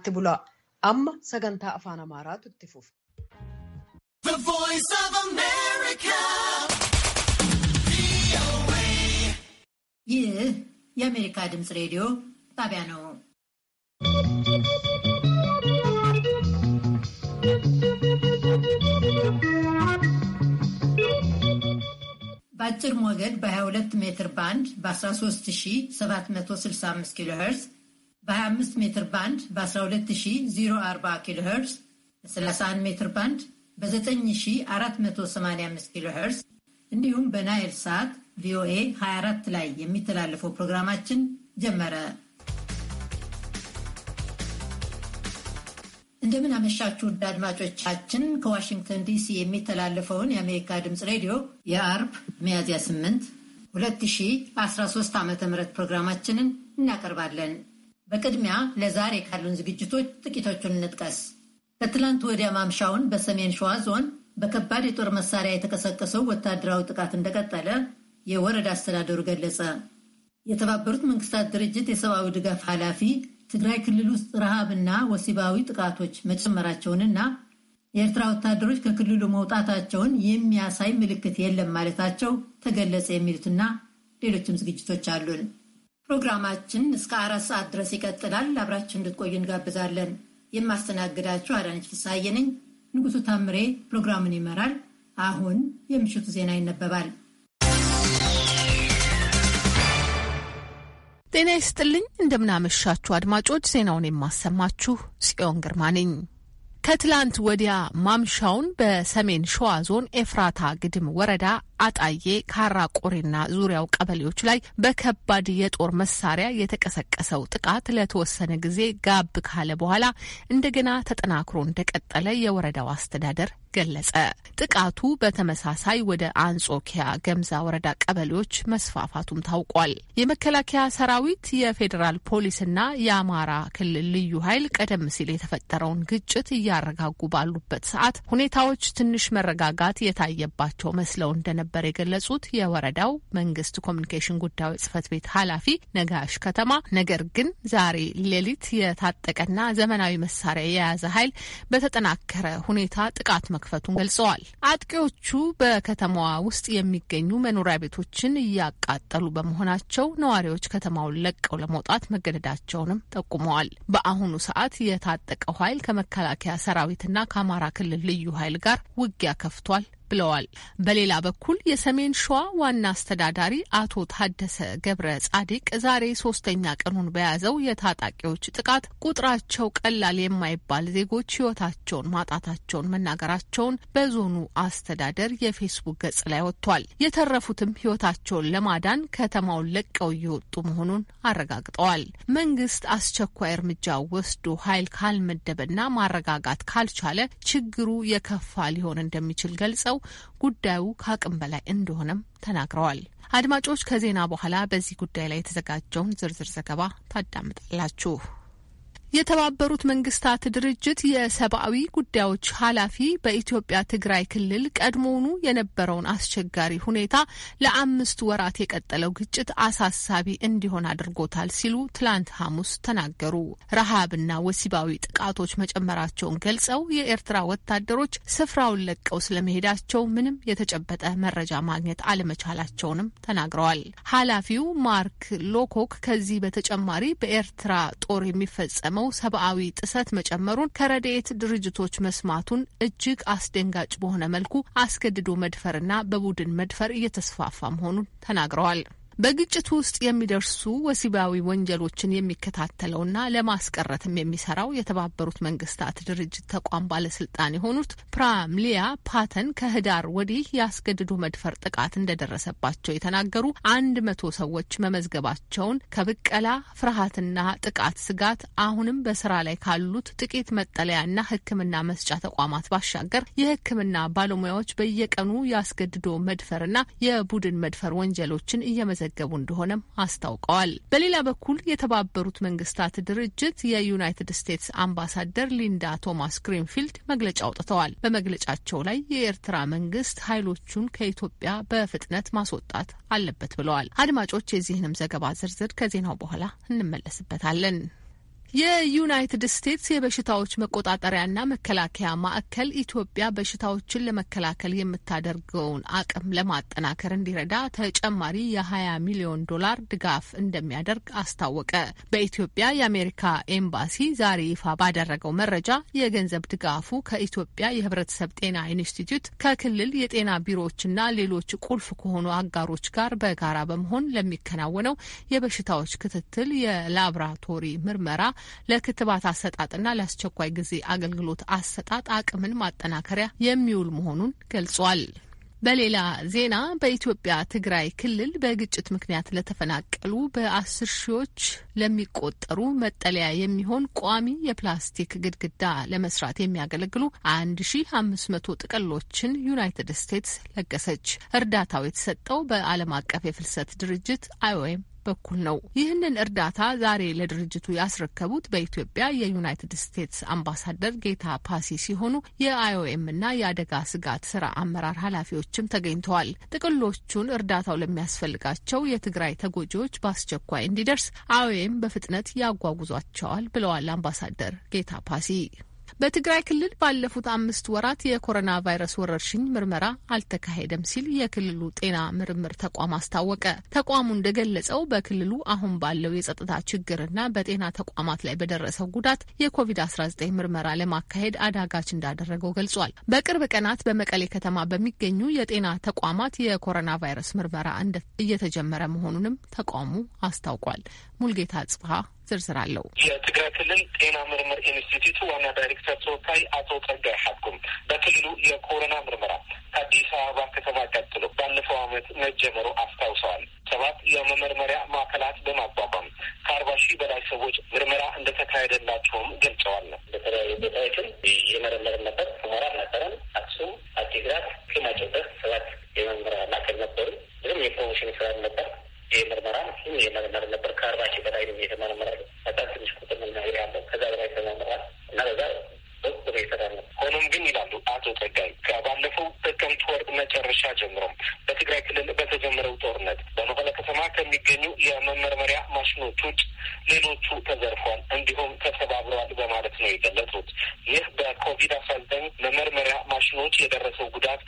itti bulaa. Amma sagantaa afaan Amaaraatu itti fufa. ይህ የአሜሪካ ድምፅ ሬዲዮ ጣቢያ ነው። በአጭር ሞገድ በ22 ሜትር ባንድ በ13765 ኪሎ ሄርዝ በ25 ሜትር ባንድ በ12040 ኪሎ ሄርስ በ31 ሜትር ባንድ በ9485 ኪሎ ሄርስ እንዲሁም በናይል ሳት ቪኦኤ 24 ላይ የሚተላለፈው ፕሮግራማችን ጀመረ። እንደምን አመሻችሁ ውድ አድማጮቻችን። ከዋሽንግተን ዲሲ የሚተላለፈውን የአሜሪካ ድምፅ ሬዲዮ የአርብ ሚያዝያ 8 2013 ዓ ም ፕሮግራማችንን እናቀርባለን። በቅድሚያ ለዛሬ ካሉን ዝግጅቶች ጥቂቶቹን እንጥቀስ። ከትላንት ወዲያ ማምሻውን በሰሜን ሸዋ ዞን በከባድ የጦር መሳሪያ የተቀሰቀሰው ወታደራዊ ጥቃት እንደቀጠለ የወረዳ አስተዳደሩ ገለጸ። የተባበሩት መንግስታት ድርጅት የሰብአዊ ድጋፍ ኃላፊ ትግራይ ክልል ውስጥ ረሃብና ወሲባዊ ጥቃቶች መጨመራቸውንና የኤርትራ ወታደሮች ከክልሉ መውጣታቸውን የሚያሳይ ምልክት የለም ማለታቸው ተገለጸ። የሚሉትና ሌሎችም ዝግጅቶች አሉን። ፕሮግራማችን እስከ አራት ሰዓት ድረስ ይቀጥላል። አብራችን እንድትቆዩ እንጋብዛለን። የማስተናግዳችሁ አዳነች ፍስሐዬ ነኝ። ንጉሱ ታምሬ ፕሮግራሙን ይመራል። አሁን የምሽቱ ዜና ይነበባል። ጤና ይስጥልኝ። እንደምናመሻችሁ አድማጮች፣ ዜናውን የማሰማችሁ ጽዮን ግርማ ነኝ። ከትላንት ወዲያ ማምሻውን በሰሜን ሸዋ ዞን ኤፍራታ ግድም ወረዳ አጣዬ፣ ካራቆሬና ዙሪያው ቀበሌዎች ላይ በከባድ የጦር መሳሪያ የተቀሰቀሰው ጥቃት ለተወሰነ ጊዜ ጋብ ካለ በኋላ እንደገና ተጠናክሮ እንደቀጠለ የወረዳው አስተዳደር ገለጸ። ጥቃቱ በተመሳሳይ ወደ አንጾኪያ፣ ገምዛ ወረዳ ቀበሌዎች መስፋፋቱም ታውቋል። የመከላከያ ሰራዊት፣ የፌዴራል ፖሊስና የአማራ ክልል ልዩ ኃይል ቀደም ሲል የተፈጠረውን ግጭት እያረጋጉ ባሉበት ሰዓት ሁኔታዎች ትንሽ መረጋጋት የታየባቸው መስለው እንደነበ እንደነበር የገለጹት የወረዳው መንግስት ኮሚኒኬሽን ጉዳዮች ጽህፈት ቤት ኃላፊ ነጋሽ ከተማ፣ ነገር ግን ዛሬ ሌሊት የታጠቀና ዘመናዊ መሳሪያ የያዘ ኃይል በተጠናከረ ሁኔታ ጥቃት መክፈቱን ገልጸዋል። አጥቂዎቹ በከተማዋ ውስጥ የሚገኙ መኖሪያ ቤቶችን እያቃጠሉ በመሆናቸው ነዋሪዎች ከተማውን ለቀው ለመውጣት መገደዳቸውንም ጠቁመዋል። በአሁኑ ሰዓት የታጠቀው ኃይል ከመከላከያ ሰራዊትና ከአማራ ክልል ልዩ ኃይል ጋር ውጊያ ከፍቷል ብለዋል። በሌላ በኩል የሰሜን ሸዋ ዋና አስተዳዳሪ አቶ ታደሰ ገብረ ጻዲቅ ዛሬ ሶስተኛ ቀኑን በያዘው የታጣቂዎች ጥቃት ቁጥራቸው ቀላል የማይባል ዜጎች ሕይወታቸውን ማጣታቸውን መናገራቸውን በዞኑ አስተዳደር የፌስቡክ ገጽ ላይ ወጥቷል። የተረፉትም ሕይወታቸውን ለማዳን ከተማውን ለቀው እየወጡ መሆኑን አረጋግጠዋል። መንግስት አስቸኳይ እርምጃ ወስዶ ኃይል ካልመደበና ማረጋጋት ካልቻለ ችግሩ የከፋ ሊሆን እንደሚችል ገልጸው ጉዳዩ ከአቅም በላይ እንደሆነም ተናግረዋል። አድማጮች ከዜና በኋላ በዚህ ጉዳይ ላይ የተዘጋጀውን ዝርዝር ዘገባ ታዳምጣላችሁ። የተባበሩት መንግስታት ድርጅት የሰብአዊ ጉዳዮች ኃላፊ በኢትዮጵያ ትግራይ ክልል ቀድሞውኑ የነበረውን አስቸጋሪ ሁኔታ ለአምስት ወራት የቀጠለው ግጭት አሳሳቢ እንዲሆን አድርጎታል ሲሉ ትላንት ሐሙስ ተናገሩ። ረሃብና ወሲባዊ ጥቃቶች መጨመራቸውን ገልጸው የኤርትራ ወታደሮች ስፍራውን ለቀው ስለመሄዳቸው ምንም የተጨበጠ መረጃ ማግኘት አለመቻላቸውንም ተናግረዋል። ኃላፊው ማርክ ሎኮክ ከዚህ በተጨማሪ በኤርትራ ጦር የሚፈጸመው የተፈጸመው ሰብአዊ ጥሰት መጨመሩን ከረድኤት ድርጅቶች መስማቱን እጅግ አስደንጋጭ በሆነ መልኩ አስገድዶ መድፈርና በቡድን መድፈር እየተስፋፋ መሆኑን ተናግረዋል። በግጭቱ ውስጥ የሚደርሱ ወሲባዊ ወንጀሎችን የሚከታተለውና ለማስቀረትም የሚሰራው የተባበሩት መንግስታት ድርጅት ተቋም ባለስልጣን የሆኑት ሊያ ፓተን ከህዳር ወዲህ ያስገድዶ መድፈር ጥቃት እንደደረሰባቸው የተናገሩ አንድ መቶ ሰዎች መመዝገባቸውን ከብቀላ ፍርሃትና ጥቃት ስጋት አሁንም በስራ ላይ ካሉት ጥቂት መጠለያና ሕክምና መስጫ ተቋማት ባሻገር የሕክምና ባለሙያዎች በየቀኑ ያስገድዶ መድፈርና የቡድን መድፈር ወንጀሎችን እየመዘ እየተመዘገቡ እንደሆነም አስታውቀዋል። በሌላ በኩል የተባበሩት መንግስታት ድርጅት የዩናይትድ ስቴትስ አምባሳደር ሊንዳ ቶማስ ግሪንፊልድ መግለጫ አውጥተዋል። በመግለጫቸው ላይ የኤርትራ መንግስት ኃይሎቹን ከኢትዮጵያ በፍጥነት ማስወጣት አለበት ብለዋል። አድማጮች የዚህንም ዘገባ ዝርዝር ከዜናው በኋላ እንመለስበታለን። የዩናይትድ ስቴትስ የበሽታዎች መቆጣጠሪያና መከላከያ ማዕከል ኢትዮጵያ በሽታዎችን ለመከላከል የምታደርገውን አቅም ለማጠናከር እንዲረዳ ተጨማሪ የ20 ሚሊዮን ዶላር ድጋፍ እንደሚያደርግ አስታወቀ። በኢትዮጵያ የአሜሪካ ኤምባሲ ዛሬ ይፋ ባደረገው መረጃ የገንዘብ ድጋፉ ከኢትዮጵያ የሕብረተሰብ ጤና ኢንስቲትዩት ከክልል የጤና ቢሮዎችና ሌሎች ቁልፍ ከሆኑ አጋሮች ጋር በጋራ በመሆን ለሚከናወነው የበሽታዎች ክትትል የላብራቶሪ ምርመራ ለክትባት አሰጣጥና ለአስቸኳይ ጊዜ አገልግሎት አሰጣጥ አቅምን ማጠናከሪያ የሚውል መሆኑን ገልጿል። በሌላ ዜና በኢትዮጵያ ትግራይ ክልል በግጭት ምክንያት ለተፈናቀሉ በአስር ሺዎች ለሚቆጠሩ መጠለያ የሚሆን ቋሚ የፕላስቲክ ግድግዳ ለመስራት የሚያገለግሉ አንድ ሺ አምስት መቶ ጥቅሎችን ዩናይትድ ስቴትስ ለገሰች። እርዳታው የተሰጠው በዓለም አቀፍ የፍልሰት ድርጅት አይኦኤም በኩል ነው። ይህንን እርዳታ ዛሬ ለድርጅቱ ያስረከቡት በኢትዮጵያ የዩናይትድ ስቴትስ አምባሳደር ጌታ ፓሲ ሲሆኑ የአይኦኤምና የአደጋ ስጋት ስራ አመራር ኃላፊዎችም ተገኝተዋል። ጥቅሎቹን እርዳታው ለሚያስፈልጋቸው የትግራይ ተጎጂዎች በአስቸኳይ እንዲደርስ አይኦኤም በፍጥነት ያጓጉዟቸዋል ብለዋል አምባሳደር ጌታ ፓሲ። በትግራይ ክልል ባለፉት አምስት ወራት የኮሮና ቫይረስ ወረርሽኝ ምርመራ አልተካሄደም ሲል የክልሉ ጤና ምርምር ተቋም አስታወቀ። ተቋሙ እንደገለጸው በክልሉ አሁን ባለው የጸጥታ ችግርና በጤና ተቋማት ላይ በደረሰው ጉዳት የኮቪድ-19 ምርመራ ለማካሄድ አዳጋች እንዳደረገው ገልጿል። በቅርብ ቀናት በመቀሌ ከተማ በሚገኙ የጤና ተቋማት የኮሮና ቫይረስ ምርመራ እየተጀመረ መሆኑንም ተቋሙ አስታውቋል። ሙልጌታ ጽፋ ዝርዝር አለው። የትግራይ ክልል ጤና ምርምር ኢንስቲትዩቱ ዋና ዳይሬክተር ተወካይ አቶ ጸጋይ ሀብኩም በክልሉ የኮሮና ምርመራ ከአዲስ አበባ ከተማ ቀጥሎ ባለፈው ዓመት መጀመሩ አስታውሰዋል። ሰባት የመመርመሪያ ማዕከላት በማቋቋም ከአርባ ሺህ በላይ ሰዎች ምርመራ እንደተካሄደላቸውም ገልጸዋል። ነው በተለያዩ ቦታዎችም የመረመርን ነበር ሁመራ ነበረን አክሱም፣ አዲግራት፣ ፊማጨበት ሰባት የመመርመሪያ ማዕከል ነበሩ። ብዙም የፕሮሞሽን ስራ ነበር የምርመራ እሱም የመመር ነበር። ከአርባ ሺህ በላይ ነው የተመረመረ። በጣም ትንሽ ቁጥር መናገር ያለው ከዛ በላይ ተመምራል እና በዛ በቁጥር የሰራ ሆኖም ግን ይላሉ አቶ ጸጋይ ከባለፈው ጥቅምት ወር መጨረሻ ጀምሮም በትግራይ ክልል በተጀመረው ጦርነት በመቀለ ከተማ ከሚገኙ የመመርመሪያ ማሽኖች ውጭ ሌሎቹ ተዘርፏል፣ እንዲሁም ተሰባብረዋል በማለት ነው የገለጹት። ይህ በኮቪድ አስራ መመርመሪያ ማሽኖች የደረሰው ጉዳት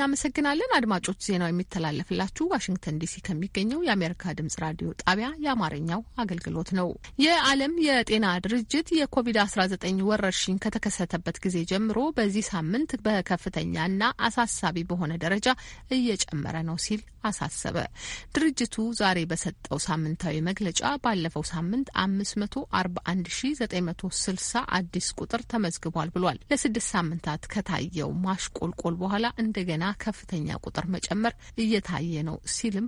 እናመሰግናለን። አድማጮች፣ ዜናው የሚተላለፍላችሁ ዋሽንግተን ዲሲ ከሚገኘው የአሜሪካ ድምጽ ራዲዮ ጣቢያ የአማርኛው አገልግሎት ነው። የዓለም የጤና ድርጅት የኮቪድ-19 ወረርሽኝ ከተከሰተበት ጊዜ ጀምሮ በዚህ ሳምንት በከፍተኛና አሳሳቢ በሆነ ደረጃ እየጨመረ ነው ሲል አሳሰበ። ድርጅቱ ዛሬ በሰጠው ሳምንታዊ መግለጫ ባለፈው ሳምንት አምስት መቶ 1960 አዲስ ቁጥር ተመዝግቧል ብሏል። ለስድስት ሳምንታት ከታየው ማሽቆልቆል በኋላ እንደገና ከፍተኛ ቁጥር መጨመር እየታየ ነው ሲልም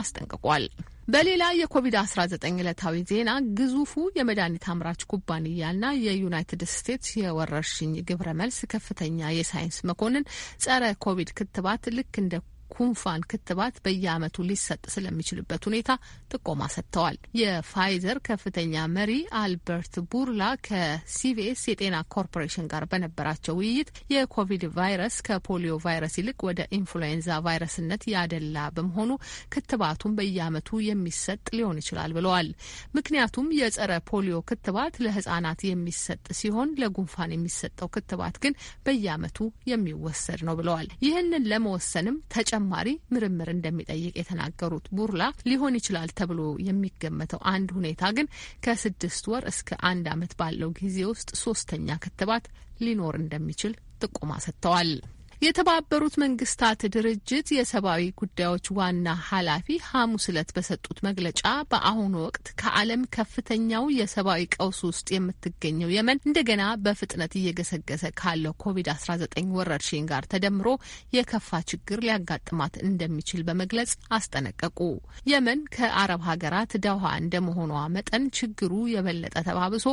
አስጠንቅቋል። በሌላ የኮቪድ-19 ዕለታዊ ዜና ግዙፉ የመድኃኒት አምራች ኩባንያና የዩናይትድ ስቴትስ የወረርሽኝ ግብረ መልስ ከፍተኛ የሳይንስ መኮንን ጸረ ኮቪድ ክትባት ልክ እንደ ኩንፋን ክትባት በየዓመቱ ሊሰጥ ስለሚችልበት ሁኔታ ጥቆማ ሰጥተዋል። የፋይዘር ከፍተኛ መሪ አልበርት ቡርላ ከሲቪኤስ የጤና ኮርፖሬሽን ጋር በነበራቸው ውይይት የኮቪድ ቫይረስ ከፖሊዮ ቫይረስ ይልቅ ወደ ኢንፍሉዌንዛ ቫይረስነት ያደላ በመሆኑ ክትባቱን በየዓመቱ የሚሰጥ ሊሆን ይችላል ብለዋል። ምክንያቱም የጸረ ፖሊዮ ክትባት ለህጻናት የሚሰጥ ሲሆን ለጉንፋን የሚሰጠው ክትባት ግን በየዓመቱ የሚወሰድ ነው ብለዋል። ይህንን ለመወሰንም ተጨ ተጨማሪ ምርምር እንደሚጠይቅ የተናገሩት ቡርላ ሊሆን ይችላል ተብሎ የሚገመተው አንድ ሁኔታ ግን ከስድስት ወር እስከ አንድ ዓመት ባለው ጊዜ ውስጥ ሶስተኛ ክትባት ሊኖር እንደሚችል ጥቆማ ሰጥተዋል። የተባበሩት መንግስታት ድርጅት የሰብአዊ ጉዳዮች ዋና ኃላፊ ሐሙስ ለት በሰጡት መግለጫ በአሁኑ ወቅት ከዓለም ከፍተኛው የሰብአዊ ቀውስ ውስጥ የምትገኘው የመን እንደገና በፍጥነት እየገሰገሰ ካለው ኮቪድ-19 ወረርሽኝ ጋር ተደምሮ የከፋ ችግር ሊያጋጥማት እንደሚችል በመግለጽ አስጠነቀቁ። የመን ከአረብ ሀገራት ደውሃ እንደመሆኗ መጠን ችግሩ የበለጠ ተባብሶ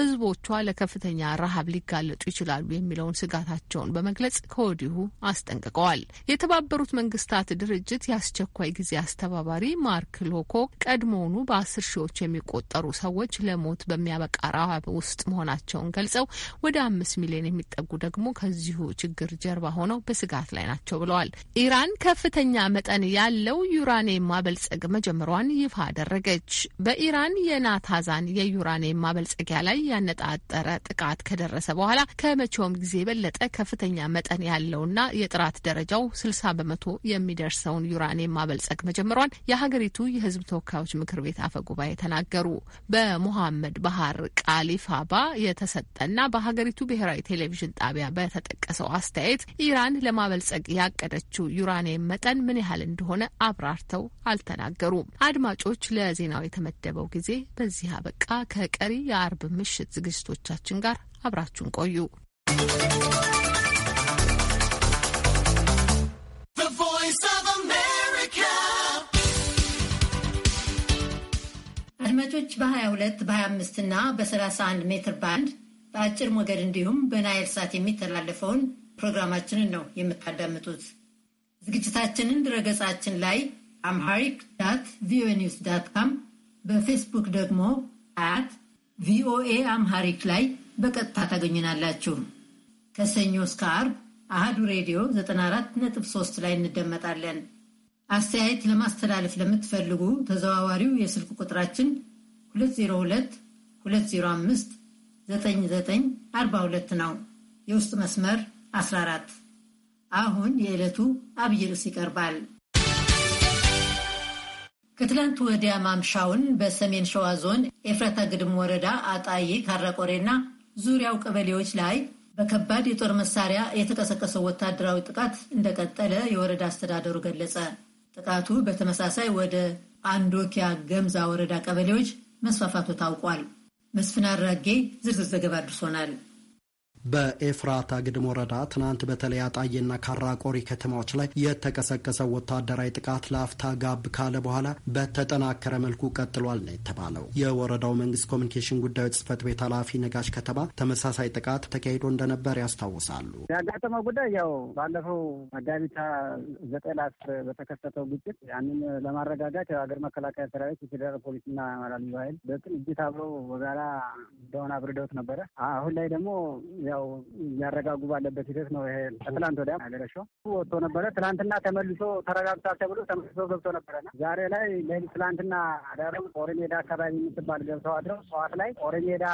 ህዝቦቿ ለከፍተኛ ረሃብ ሊጋለጡ ይችላሉ የሚለውን ስጋታቸውን በመግለጽ ከወዲሁ እንዲሁ አስጠንቅቀዋል። የተባበሩት መንግስታት ድርጅት የአስቸኳይ ጊዜ አስተባባሪ ማርክ ሎኮ ቀድሞውኑ በአስር ሺዎች የሚቆጠሩ ሰዎች ለሞት በሚያበቃ ረሃብ ውስጥ መሆናቸውን ገልጸው ወደ አምስት ሚሊዮን የሚጠጉ ደግሞ ከዚሁ ችግር ጀርባ ሆነው በስጋት ላይ ናቸው ብለዋል። ኢራን ከፍተኛ መጠን ያለው ዩራኒየም ማበልጸግ መጀመሯን ይፋ አደረገች። በኢራን የናታዛን የዩራኒየም ማበልጸጊያ ላይ ያነጣጠረ ጥቃት ከደረሰ በኋላ ከመቼውም ጊዜ የበለጠ ከፍተኛ መጠን ያለው ያለውና የጥራት ደረጃው 60 በመቶ የሚደርሰውን ዩራኒየም ማበልጸግ መጀመሯን የሀገሪቱ የህዝብ ተወካዮች ምክር ቤት አፈ ጉባኤ ተናገሩ። በሞሐመድ ባህር ቃሊፋባ የተሰጠና በሀገሪቱ ብሔራዊ ቴሌቪዥን ጣቢያ በተጠቀሰው አስተያየት ኢራን ለማበልጸግ ያቀደችው ዩራኒየም መጠን ምን ያህል እንደሆነ አብራርተው አልተናገሩም። አድማጮች፣ ለዜናው የተመደበው ጊዜ በዚህ አበቃ። ከቀሪ የአርብ ምሽት ዝግጅቶቻችን ጋር አብራችሁን ቆዩ። አድማጮች በ22 በ25 እና በ31 ሜትር ባንድ በአጭር ሞገድ እንዲሁም በናይል ሳት የሚተላለፈውን ፕሮግራማችንን ነው የምታዳምጡት። ዝግጅታችንን ድረገጻችን ላይ አምሃሪክ ዳት ቪኦኤ ኒውስ ዳት ካም በፌስቡክ ደግሞ አት ቪኦኤ አምሃሪክ ላይ በቀጥታ ታገኙናላችሁ። ከሰኞ እስከ አርብ አህዱ ሬዲዮ 94.3 ላይ እንደመጣለን። አስተያየት ለማስተላለፍ ለምትፈልጉ ተዘዋዋሪው የስልክ ቁጥራችን 2022059942 ነው። የውስጥ መስመር 14። አሁን የዕለቱ አብይ ርዕስ ይቀርባል። ከትላንት ወዲያ ማምሻውን በሰሜን ሸዋ ዞን ኤፍራታ ግድም ወረዳ አጣዬ፣ ካረቆሬና ዙሪያው ቀበሌዎች ላይ በከባድ የጦር መሳሪያ የተቀሰቀሰው ወታደራዊ ጥቃት እንደቀጠለ የወረዳ አስተዳደሩ ገለጸ። ጥቃቱ በተመሳሳይ ወደ አንዶኪያ ገምዛ ወረዳ ቀበሌዎች መስፋፋቱ ታውቋል። መስፍን አራጌ ዝርዝር ዘገባ አድርሶናል። በኤፍራታ ግድም ወረዳ ትናንት በተለይ አጣዬና ካራቆሪ ከተማዎች ላይ የተቀሰቀሰው ወታደራዊ ጥቃት ለአፍታ ጋብ ካለ በኋላ በተጠናከረ መልኩ ቀጥሏል ነው የተባለው። የወረዳው መንግስት ኮሚኒኬሽን ጉዳዮች ጽህፈት ቤት ኃላፊ ነጋሽ ከተማ ተመሳሳይ ጥቃት ተካሂዶ እንደነበር ያስታውሳሉ። ያጋጠመው ጉዳይ ያው ባለፈው መጋቢት ዘጠኝ ለአስር በተከሰተው ግጭት ያንን ለማረጋጋት የሀገር መከላከያ ሰራዊት፣ የፌዴራል ፖሊስና አማራ ልዩ ኃይል በቅንጅት አብረው በጋራ እንደሆነ አብርደውት ነበረ። አሁን ላይ ደግሞ ያው እያረጋጉ ባለበት ሂደት ነው። ይሄ ከትላንት ወዲያ ገረሾ ወጥቶ ነበረ። ትላንትና ተመልሶ ተረጋግቷል ተብሎ ተመልሶ ገብቶ ነበረና ዛሬ ላይ ለህል ትላንትና አዳረም ኦሬሜዳ አካባቢ የምትባል ገብተው አድረው ጠዋት ላይ ኦሬሜዳ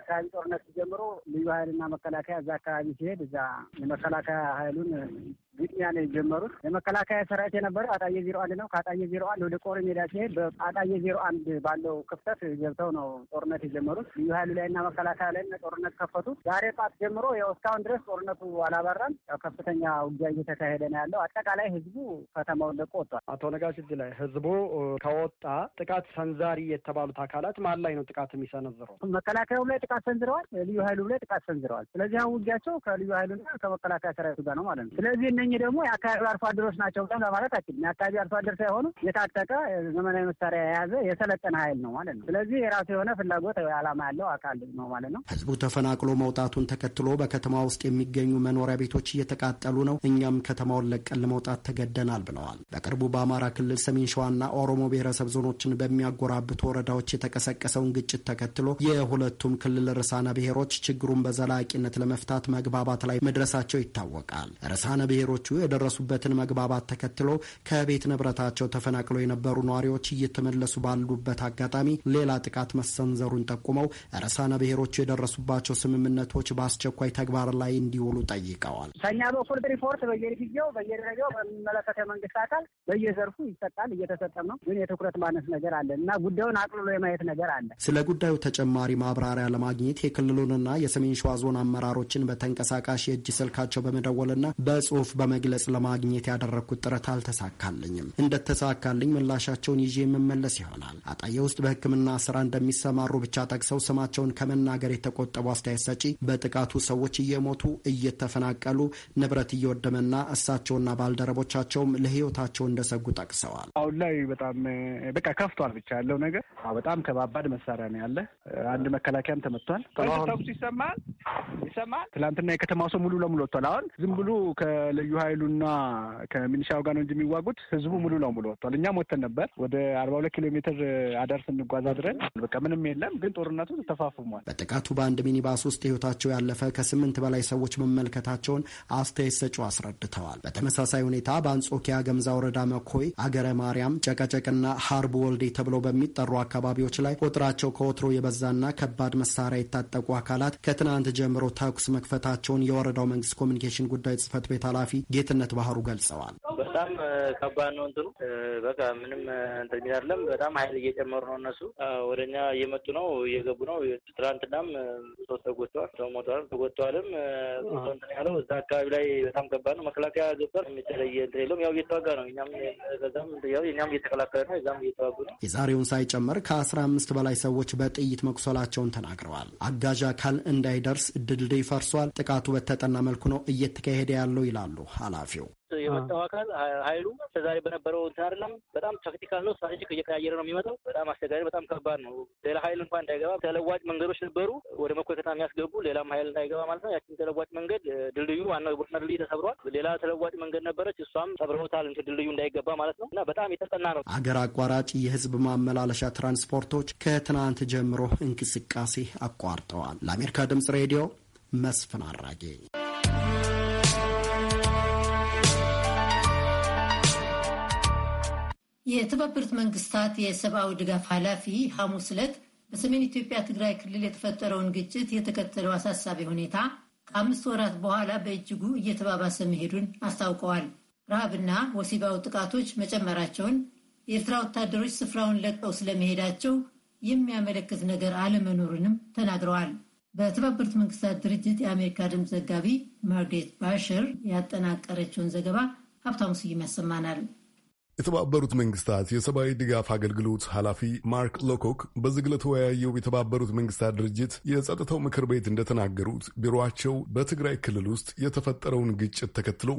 አካባቢ ጦርነት ሲጀምሩ ልዩ ኃይልና መከላከያ እዛ አካባቢ ሲሄድ እዛ የመከላከያ ኃይሉን ግጥሚያ ነው የጀመሩት። የመከላከያ ሰራዊት የነበረው አጣዬ ዜሮ አንድ ነው። ከአጣዬ ዜሮ አንድ ወደ ቆር ሜዳ ሲሄድ በአጣዬ ዜሮ አንድ ባለው ክፍተት ገብተው ነው ጦርነት የጀመሩት። ልዩ ኃይሉ ላይና መከላከያ ላይ ጦርነት ከፈቱ። ዛሬ ጧት ጀምሮ ያው እስካሁን ድረስ ጦርነቱ አላባራም። ያው ከፍተኛ ውጊያ እየተካሄደ ነው ያለው። አጠቃላይ ህዝቡ ከተማውን ለቆ ወጥቷል። አቶ ነጋሽ እዚህ ላይ ህዝቡ ከወጣ ጥቃት ሰንዛሪ የተባሉት አካላት ማን ላይ ነው ጥቃት የሚሰነዝረው? መከላከያው ላይ ጥቃት ሰንዝረዋል፣ ልዩ ሀይሉ ላይ ጥቃት ሰንዝረዋል። ስለዚህ አሁን ውጊያቸው ከልዩ ኃይሉና ከመከላከያ ሰራዊቱ ጋር ነው ማለት ነው። ስለዚህ እነኚህ ደግሞ የአካባቢ አርሶ አደሮች ናቸው ብለን ለማለት አችልም። የአካባቢ አርሶ አደር ሳይሆኑ የታጠቀ ዘመናዊ መሳሪያ የያዘ የሰለጠነ ሀይል ነው ማለት ነው። ስለዚህ የራሱ የሆነ ፍላጎት አላማ ያለው አካል ነው ማለት ነው። ህዝቡ ተፈናቅሎ መውጣቱን ተከ ተከትሎ በከተማ ውስጥ የሚገኙ መኖሪያ ቤቶች እየተቃጠሉ ነው፣ እኛም ከተማውን ለቀን ለመውጣት ተገደናል ብለዋል። በቅርቡ በአማራ ክልል ሰሜን ሸዋና ኦሮሞ ብሔረሰብ ዞኖችን በሚያጎራብቱ ወረዳዎች የተቀሰቀሰውን ግጭት ተከትሎ የሁለቱም ክልል ርዕሳነ ብሔሮች ችግሩን በዘላቂነት ለመፍታት መግባባት ላይ መድረሳቸው ይታወቃል። ርዕሳነ ብሔሮቹ የደረሱበትን መግባባት ተከትሎ ከቤት ንብረታቸው ተፈናቅለው የነበሩ ነዋሪዎች እየተመለሱ ባሉበት አጋጣሚ ሌላ ጥቃት መሰንዘሩን ጠቁመው ርዕሳነ ብሔሮቹ የደረሱባቸው ስምምነቶች በአስቸ አስቸኳይ ተግባር ላይ እንዲውሉ ጠይቀዋል። ከእኛ በኩል ሪፖርት በየጊዜው በየደረጃው በሚመለከተ መንግስት አካል በየዘርፉ ይሰጣል፣ እየተሰጠም ነው። ግን የትኩረት ማነስ ነገር አለን እና ጉዳዩን አቅልሎ የማየት ነገር አለ። ስለ ጉዳዩ ተጨማሪ ማብራሪያ ለማግኘት የክልሉንና የሰሜን ሸዋ ዞን አመራሮችን በተንቀሳቃሽ የእጅ ስልካቸው በመደወልና በጽሁፍ በመግለጽ ለማግኘት ያደረግኩት ጥረት አልተሳካልኝም። እንደተሳካልኝ ምላሻቸውን ይዤ የምመለስ ይሆናል። አጣየ ውስጥ በሕክምና ስራ እንደሚሰማሩ ብቻ ጠቅሰው ስማቸውን ከመናገር የተቆጠቡ አስተያየት ሰጪ በጥቃቱ ሰዎች እየሞቱ እየተፈናቀሉ ንብረት እየወደመና እሳቸውና ባልደረቦቻቸውም ለህይወታቸው እንደሰጉ ጠቅሰዋል። አሁን ላይ በጣም በቃ ከፍቷል። ብቻ ያለው ነገር በጣም ከባባድ መሳሪያ ነው ያለ። አንድ መከላከያም ተመቷል። ተኩስ ይሰማል ይሰማል። ትላንትና የከተማው ሰው ሙሉ ለሙሉ ወጥቷል። አሁን ዝም ብሎ ከልዩ ኃይሉና ከሚኒሻው ጋር ነው እንጂ የሚዋጉት ህዝቡ ሙሉ ለሙሉ ወጥቷል። እኛ ሞተን ነበር። ወደ አርባ ሁለት ኪሎ ሜትር አዳር ስንጓዝ አድረን በቃ ምንም የለም። ግን ጦርነቱ ተፋፍሟል። በጥቃቱ በአንድ ሚኒባስ ውስጥ ህይወታቸው ያለፈ ከስምንት በላይ ሰዎች መመልከታቸውን አስተያየት ሰጪው አስረድተዋል። በተመሳሳይ ሁኔታ በአንጾኪያ ገምዛ ወረዳ መኮይ፣ አገረ ማርያም፣ ጨቀጨቅና ሀርቡ ወልዴ ተብለው በሚጠሩ አካባቢዎች ላይ ቁጥራቸው ከወትሮ የበዛና ከባድ መሳሪያ የታጠቁ አካላት ከትናንት ጀምሮ ተኩስ መክፈታቸውን የወረዳው መንግስት ኮሚኒኬሽን ጉዳይ ጽህፈት ቤት ኃላፊ ጌትነት ባህሩ ገልጸዋል። በጣም ከባድ ነው እንትኑ በቃ ምንም እንትን የሚል አይደለም። በጣም ሀይል እየጨመሩ ነው እነሱ ወደኛ እየመጡ ነው እየገቡ ነው። ትናንትናም ሶስት ተጎድተዋል፣ ሰው ሞተዋል። ተጎድተዋልም እንትን ያለው እዛ አካባቢ ላይ በጣም ከባድ ነው። መከላከያ ገበር የሚተለየ እንትን የለውም። ያው እየተዋጋ ነው። እኛም ከዛም እኛም እየተከላከለ ነው። እዛም እየተዋጉ ነው። የዛሬውን ሳይጨምር ከአስራ አምስት በላይ ሰዎች በጥይት መቁሰላቸውን ተናግረዋል። አጋዥ አካል እንዳይደርስ ድልድይ ፈርሷል። ጥቃቱ በተጠና መልኩ ነው እየተካሄደ ያለው ይላሉ ኃላፊው። የመጣው አካል ኃይሉ ከዛሬ በነበረው እንትን አይደለም። በጣም ታክቲካል ነው፣ ስትራቴጂክ እየቀያየረ ነው የሚመጣው። በጣም አስቸጋሪ፣ በጣም ከባድ ነው። ሌላ ኃይል እንኳን እንዳይገባ ተለዋጭ መንገዶች ነበሩ ወደ መኮይ ከተማ የሚያስገቡ ሌላም ኃይል እንዳይገባ ማለት ነው። ያችን ተለዋጭ መንገድ ድልድዩ ዋናው የቦርና ድልድይ ተሰብሯል። ሌላ ተለዋጭ መንገድ ነበረች፣ እሷም ሰብረውታል፣ እንትን ድልድዩ እንዳይገባ ማለት ነው። እና በጣም የተጠና ነው። አገር አቋራጭ የህዝብ ማመላለሻ ትራንስፖርቶች ከትናንት ጀምሮ እንቅስቃሴ አቋርጠዋል። ለአሜሪካ ድምጽ ሬዲዮ መስፍን አራጌ የተባበሩት መንግስታት የሰብአዊ ድጋፍ ኃላፊ ሐሙስ ዕለት በሰሜን ኢትዮጵያ ትግራይ ክልል የተፈጠረውን ግጭት የተከተለው አሳሳቢ ሁኔታ ከአምስት ወራት በኋላ በእጅጉ እየተባባሰ መሄዱን አስታውቀዋል። ረሃብና ወሲባዊ ጥቃቶች መጨመራቸውን፣ የኤርትራ ወታደሮች ስፍራውን ለቀው ስለመሄዳቸው የሚያመለክት ነገር አለመኖሩንም ተናግረዋል። በተባበሩት መንግስታት ድርጅት የአሜሪካ ድምፅ ዘጋቢ ማርጌት ባሸር ያጠናቀረችውን ዘገባ ሀብታሙ ስዩም ያሰማናል። የተባበሩት መንግስታት የሰብአዊ ድጋፍ አገልግሎት ኃላፊ ማርክ ሎኮክ በዝግ ለተወያየው የተባበሩት መንግስታት ድርጅት የጸጥታው ምክር ቤት እንደተናገሩት ቢሮቸው በትግራይ ክልል ውስጥ የተፈጠረውን ግጭት ተከትሎ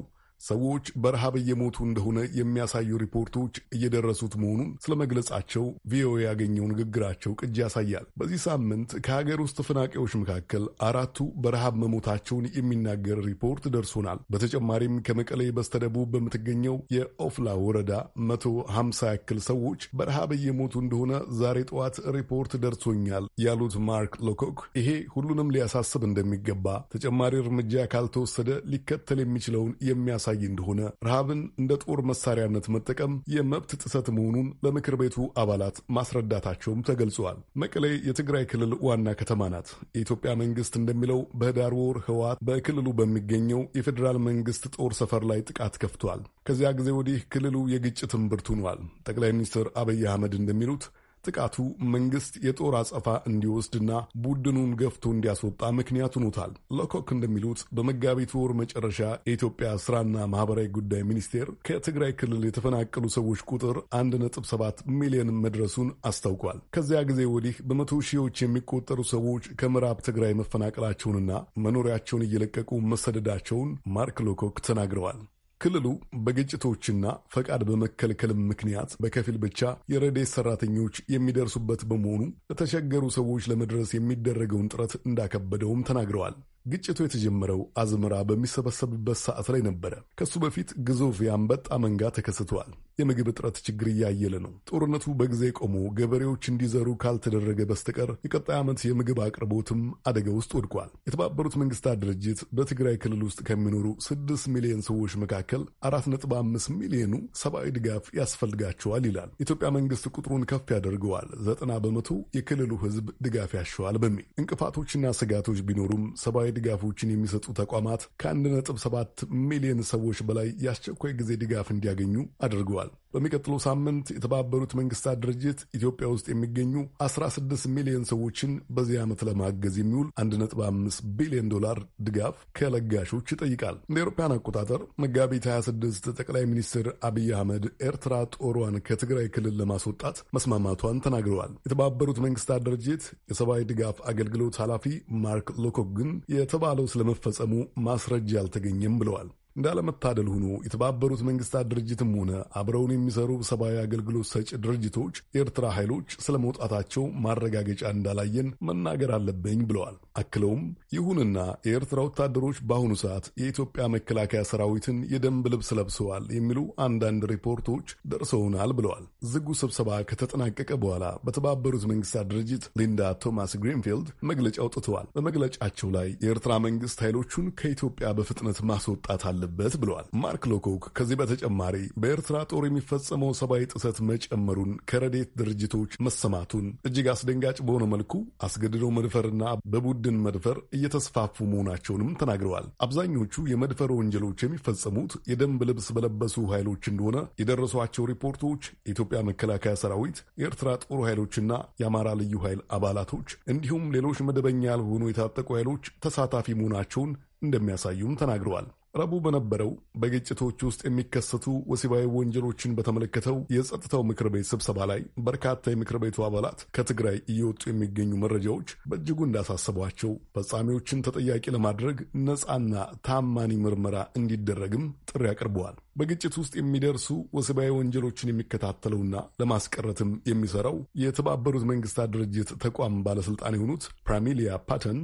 ሰዎች በረሃብ እየሞቱ እንደሆነ የሚያሳዩ ሪፖርቶች እየደረሱት መሆኑን ስለ መግለጻቸው ቪኦኤ ያገኘው ንግግራቸው ቅጂ ያሳያል። በዚህ ሳምንት ከሀገር ውስጥ ተፈናቃዮች መካከል አራቱ በረሃብ መሞታቸውን የሚናገር ሪፖርት ደርሶናል። በተጨማሪም ከመቀሌ በስተደቡብ በምትገኘው የኦፍላ ወረዳ መቶ ሃምሳ ያክል ሰዎች በረሃብ እየሞቱ እንደሆነ ዛሬ ጠዋት ሪፖርት ደርሶኛል ያሉት ማርክ ሎኮክ ይሄ ሁሉንም ሊያሳስብ እንደሚገባ ተጨማሪ እርምጃ ካልተወሰደ ሊከተል የሚችለውን የሚያሳ የሚያሳይ እንደሆነ ረሃብን እንደ ጦር መሳሪያነት መጠቀም የመብት ጥሰት መሆኑን ለምክር ቤቱ አባላት ማስረዳታቸውም ተገልጸዋል። መቀሌ የትግራይ ክልል ዋና ከተማ ናት። የኢትዮጵያ መንግስት እንደሚለው በህዳር ወር ህወሓት በክልሉ በሚገኘው የፌዴራል መንግስት ጦር ሰፈር ላይ ጥቃት ከፍቷል። ከዚያ ጊዜ ወዲህ ክልሉ የግጭት እምብርት ሆኗል። ጠቅላይ ሚኒስትር አብይ አህመድ እንደሚሉት ጥቃቱ መንግስት የጦር አጸፋ እንዲወስድና ቡድኑን ገፍቶ እንዲያስወጣ ምክንያት ሆኖታል። ለኮክ እንደሚሉት በመጋቢት ወር መጨረሻ የኢትዮጵያ ስራና ማህበራዊ ጉዳይ ሚኒስቴር ከትግራይ ክልል የተፈናቀሉ ሰዎች ቁጥር 1.7 ሚሊዮን መድረሱን አስታውቋል። ከዚያ ጊዜ ወዲህ በመቶ ሺዎች የሚቆጠሩ ሰዎች ከምዕራብ ትግራይ መፈናቀላቸውንና መኖሪያቸውን እየለቀቁ መሰደዳቸውን ማርክ ሎኮክ ተናግረዋል። ክልሉ በግጭቶችና ፈቃድ በመከልከል ምክንያት በከፊል ብቻ የረዴት ሰራተኞች የሚደርሱበት በመሆኑ ለተቸገሩ ሰዎች ለመድረስ የሚደረገውን ጥረት እንዳከበደውም ተናግረዋል። ግጭቱ የተጀመረው አዝመራ በሚሰበሰብበት ሰዓት ላይ ነበረ። ከሱ በፊት ግዙፍ የአንበጣ መንጋ ተከስተዋል። የምግብ እጥረት ችግር እያየለ ነው። ጦርነቱ በጊዜ ቆሞ ገበሬዎች እንዲዘሩ ካልተደረገ በስተቀር የቀጣይ ዓመት የምግብ አቅርቦትም አደጋ ውስጥ ወድቋል። የተባበሩት መንግስታት ድርጅት በትግራይ ክልል ውስጥ ከሚኖሩ 6 ሚሊዮን ሰዎች መካከል 4.5 ሚሊዮኑ ሰብአዊ ድጋፍ ያስፈልጋቸዋል ይላል። ኢትዮጵያ መንግስት ቁጥሩን ከፍ ያደርገዋል። ዘጠና በመቶ የክልሉ ህዝብ ድጋፍ ያሸዋል በሚል እንቅፋቶችና ስጋቶች ቢኖሩም ሰብአዊ ድጋፎችን የሚሰጡ ተቋማት ከ1.7 ሚሊዮን ሰዎች በላይ የአስቸኳይ ጊዜ ድጋፍ እንዲያገኙ አድርገዋል። በሚቀጥለው ሳምንት የተባበሩት መንግስታት ድርጅት ኢትዮጵያ ውስጥ የሚገኙ 16 ሚሊዮን ሰዎችን በዚህ ዓመት ለማገዝ የሚውል 1.5 ቢሊዮን ዶላር ድጋፍ ከለጋሾች ይጠይቃል። እንደ አውሮፓውያን አቆጣጠር መጋቢት 26 ጠቅላይ ሚኒስትር አብይ አህመድ ኤርትራ ጦሯን ከትግራይ ክልል ለማስወጣት መስማማቷን ተናግረዋል። የተባበሩት መንግስታት ድርጅት የሰብአዊ ድጋፍ አገልግሎት ኃላፊ ማርክ ሎኮክ ግን የተባለው ስለመፈጸሙ ማስረጃ አልተገኘም ብለዋል። እንዳለመታደል ሆኖ የተባበሩት መንግስታት ድርጅትም ሆነ አብረውን የሚሰሩ ሰብአዊ አገልግሎት ሰጪ ድርጅቶች የኤርትራ ኃይሎች ስለ መውጣታቸው ማረጋገጫ እንዳላየን መናገር አለብኝ ብለዋል። አክለውም ይሁንና የኤርትራ ወታደሮች በአሁኑ ሰዓት የኢትዮጵያ መከላከያ ሰራዊትን የደንብ ልብስ ለብሰዋል የሚሉ አንዳንድ ሪፖርቶች ደርሰውናል ብለዋል። ዝጉ ስብሰባ ከተጠናቀቀ በኋላ በተባበሩት መንግስታት ድርጅት ሊንዳ ቶማስ ግሪንፊልድ መግለጫ አውጥተዋል። በመግለጫቸው ላይ የኤርትራ መንግስት ኃይሎቹን ከኢትዮጵያ በፍጥነት ማስወጣት አለ አለበት ብለዋል። ማርክ ሎኮክ ከዚህ በተጨማሪ በኤርትራ ጦር የሚፈጸመው ሰብአዊ ጥሰት መጨመሩን ከረዴት ድርጅቶች መሰማቱን እጅግ አስደንጋጭ በሆነ መልኩ አስገድደው መድፈርና በቡድን መድፈር እየተስፋፉ መሆናቸውንም ተናግረዋል። አብዛኞቹ የመድፈር ወንጀሎች የሚፈጸሙት የደንብ ልብስ በለበሱ ኃይሎች እንደሆነ የደረሷቸው ሪፖርቶች የኢትዮጵያ መከላከያ ሰራዊት፣ የኤርትራ ጦር ኃይሎችና የአማራ ልዩ ኃይል አባላቶች እንዲሁም ሌሎች መደበኛ ያልሆኑ የታጠቁ ኃይሎች ተሳታፊ መሆናቸውን እንደሚያሳዩም ተናግረዋል። ረቡዕ በነበረው በግጭቶች ውስጥ የሚከሰቱ ወሲባዊ ወንጀሎችን በተመለከተው የጸጥታው ምክር ቤት ስብሰባ ላይ በርካታ የምክር ቤቱ አባላት ከትግራይ እየወጡ የሚገኙ መረጃዎች በእጅጉ እንዳሳሰቧቸው፣ ፈጻሚዎችን ተጠያቂ ለማድረግ ነፃና ታማኒ ምርመራ እንዲደረግም ጥሪ አቅርበዋል። በግጭት ውስጥ የሚደርሱ ወሲባዊ ወንጀሎችን የሚከታተለውና ለማስቀረትም የሚሰራው የተባበሩት መንግስታት ድርጅት ተቋም ባለስልጣን የሆኑት ፕራሚሊያ ፓተን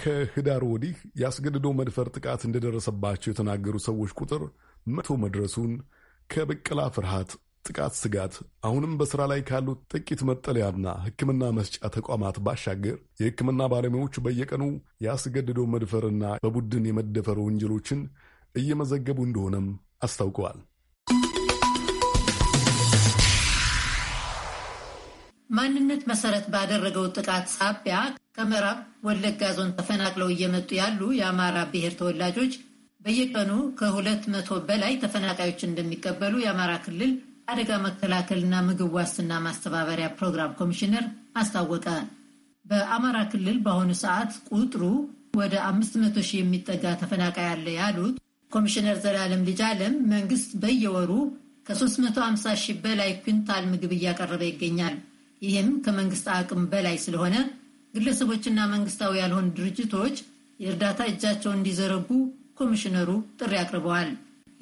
ከህዳር ወዲህ ያስገድዶ መድፈር ጥቃት እንደደረሰባቸው የተናገሩ ሰዎች ቁጥር መቶ መድረሱን ከበቀላ ፍርሃት ጥቃት ስጋት አሁንም በስራ ላይ ካሉት ጥቂት መጠለያና ሕክምና መስጫ ተቋማት ባሻገር የሕክምና ባለሙያዎች በየቀኑ ያስገድዶ መድፈርና በቡድን የመደፈር ወንጀሎችን እየመዘገቡ እንደሆነም አስታውቀዋል። ማንነት መሰረት ባደረገው ጥቃት ሳቢያ ከምዕራብ ወለጋ ዞን ተፈናቅለው እየመጡ ያሉ የአማራ ብሔር ተወላጆች በየቀኑ ከሁለት መቶ በላይ ተፈናቃዮች እንደሚቀበሉ የአማራ ክልል አደጋ መከላከልና ምግብ ዋስትና ማስተባበሪያ ፕሮግራም ኮሚሽነር አስታወቀ። በአማራ ክልል በአሁኑ ሰዓት ቁጥሩ ወደ አምስት መቶ ሺህ የሚጠጋ ተፈናቃይ አለ ያሉት ኮሚሽነር ዘላለም ልጅ አለም መንግስት በየወሩ ከ350 ሺህ በላይ ኩንታል ምግብ እያቀረበ ይገኛል። ይህም ከመንግስት አቅም በላይ ስለሆነ ግለሰቦችና መንግስታዊ ያልሆኑ ድርጅቶች የእርዳታ እጃቸውን እንዲዘረጉ ኮሚሽነሩ ጥሪ አቅርበዋል።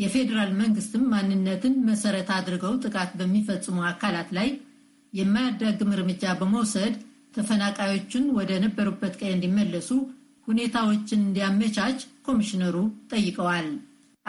የፌዴራል መንግስትም ማንነትን መሰረት አድርገው ጥቃት በሚፈጽሙ አካላት ላይ የማያዳግም እርምጃ በመውሰድ ተፈናቃዮችን ወደ ነበሩበት ቀይ እንዲመለሱ ሁኔታዎችን እንዲያመቻች ኮሚሽነሩ ጠይቀዋል።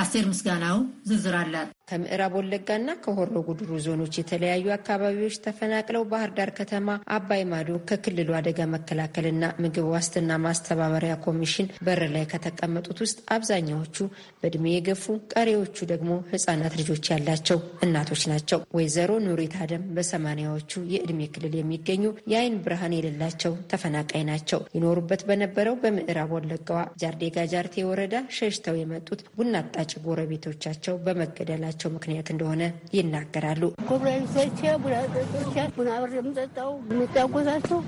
አስቴር ምስጋናው ዝርዝር አላት። ከምዕራብ ወለጋና ከሆሮ ጉድሩ ዞኖች የተለያዩ አካባቢዎች ተፈናቅለው ባህር ዳር ከተማ አባይ ማዶ ከክልሉ አደጋ መከላከልና ምግብ ዋስትና ማስተባበሪያ ኮሚሽን በር ላይ ከተቀመጡት ውስጥ አብዛኛዎቹ በእድሜ የገፉ፣ ቀሪዎቹ ደግሞ ህጻናት ልጆች ያላቸው እናቶች ናቸው። ወይዘሮ ኑሪት አደም በሰማኒያዎቹ የእድሜ ክልል የሚገኙ የአይን ብርሃን የሌላቸው ተፈናቃይ ናቸው። ይኖሩበት በነበረው በምዕራብ ወለጋዋ ጃርዴጋ ጃርቴ ወረዳ ሸሽተው የመጡት ቡና አጣጭ ጎረቤቶቻቸው በመገደላቸው መሆናቸው ምክንያት እንደሆነ ይናገራሉ። ኮብረንሶቼ ቡና ጠጦቼ ቡና ብር የምጠጣው የምታጎዛቸው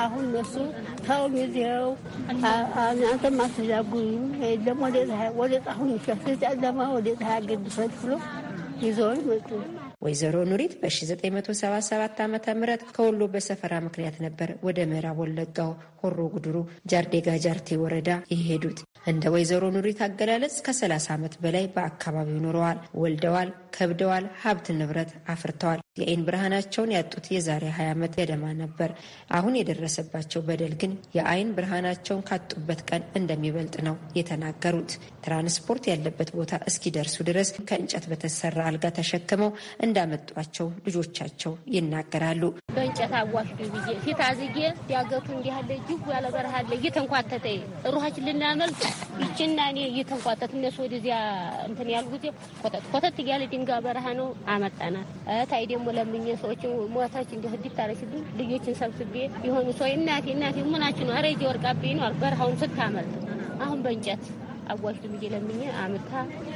አሁን እነሱ እናንተ ደግሞ ወደ ጣሁን ጨለማ ወደ ብሎ ይዘውን መጡ። ወይዘሮ ኑሪት በ1977 ዓ ም ከወሎ በሰፈራ ምክንያት ነበር ወደ ምዕራብ ወለጋው ሆሮ ጉድሩ ጃርዴጋ ጃርቴ ወረዳ የሄዱት። እንደ ወይዘሮ ኑሪት አገላለጽ ከ30 ዓመት በላይ በአካባቢው ኖረዋል፣ ወልደዋል፣ ከብደዋል፣ ሀብት ንብረት አፍርተዋል። የአይን ብርሃናቸውን ያጡት የዛሬ 20 ዓመት ገደማ ነበር። አሁን የደረሰባቸው በደል ግን የአይን ብርሃናቸውን ካጡበት ቀን እንደሚበልጥ ነው የተናገሩት። ትራንስፖርት ያለበት ቦታ እስኪደርሱ ድረስ ከእንጨት በተሰራ አልጋ ተሸክመው እንዳመጧቸው ልጆቻቸው ይናገራሉ። በእንጨት አዋሽ ብዬ ፊት አዝጌ ያገቱ እንዲህ ያለ ጉጉ ያለ በረሃ አለ እየተንኳተተ ሩሃችን ልናመልጥ ይችና እኔ እየተንኳተት እነሱ ወደዚያ እንትን ያሉ ጊዜ ኮተት ኮተት እያለ ድንጋይ በረሃ ነው አመጣናት። ታይ ደግሞ ለምኜ ሰዎች ሞታች እንዲ ህድት ታረችልኝ ልጆችን ሰብስቤ የሆኑ ሰው እናቴ እናቴ ምናችን ነው አረጅ ወርቃብኝ ነው በረሃውን ስታመልጥ አሁን በእንጨት አዋሽ ልምጅ ለምኜ አምታ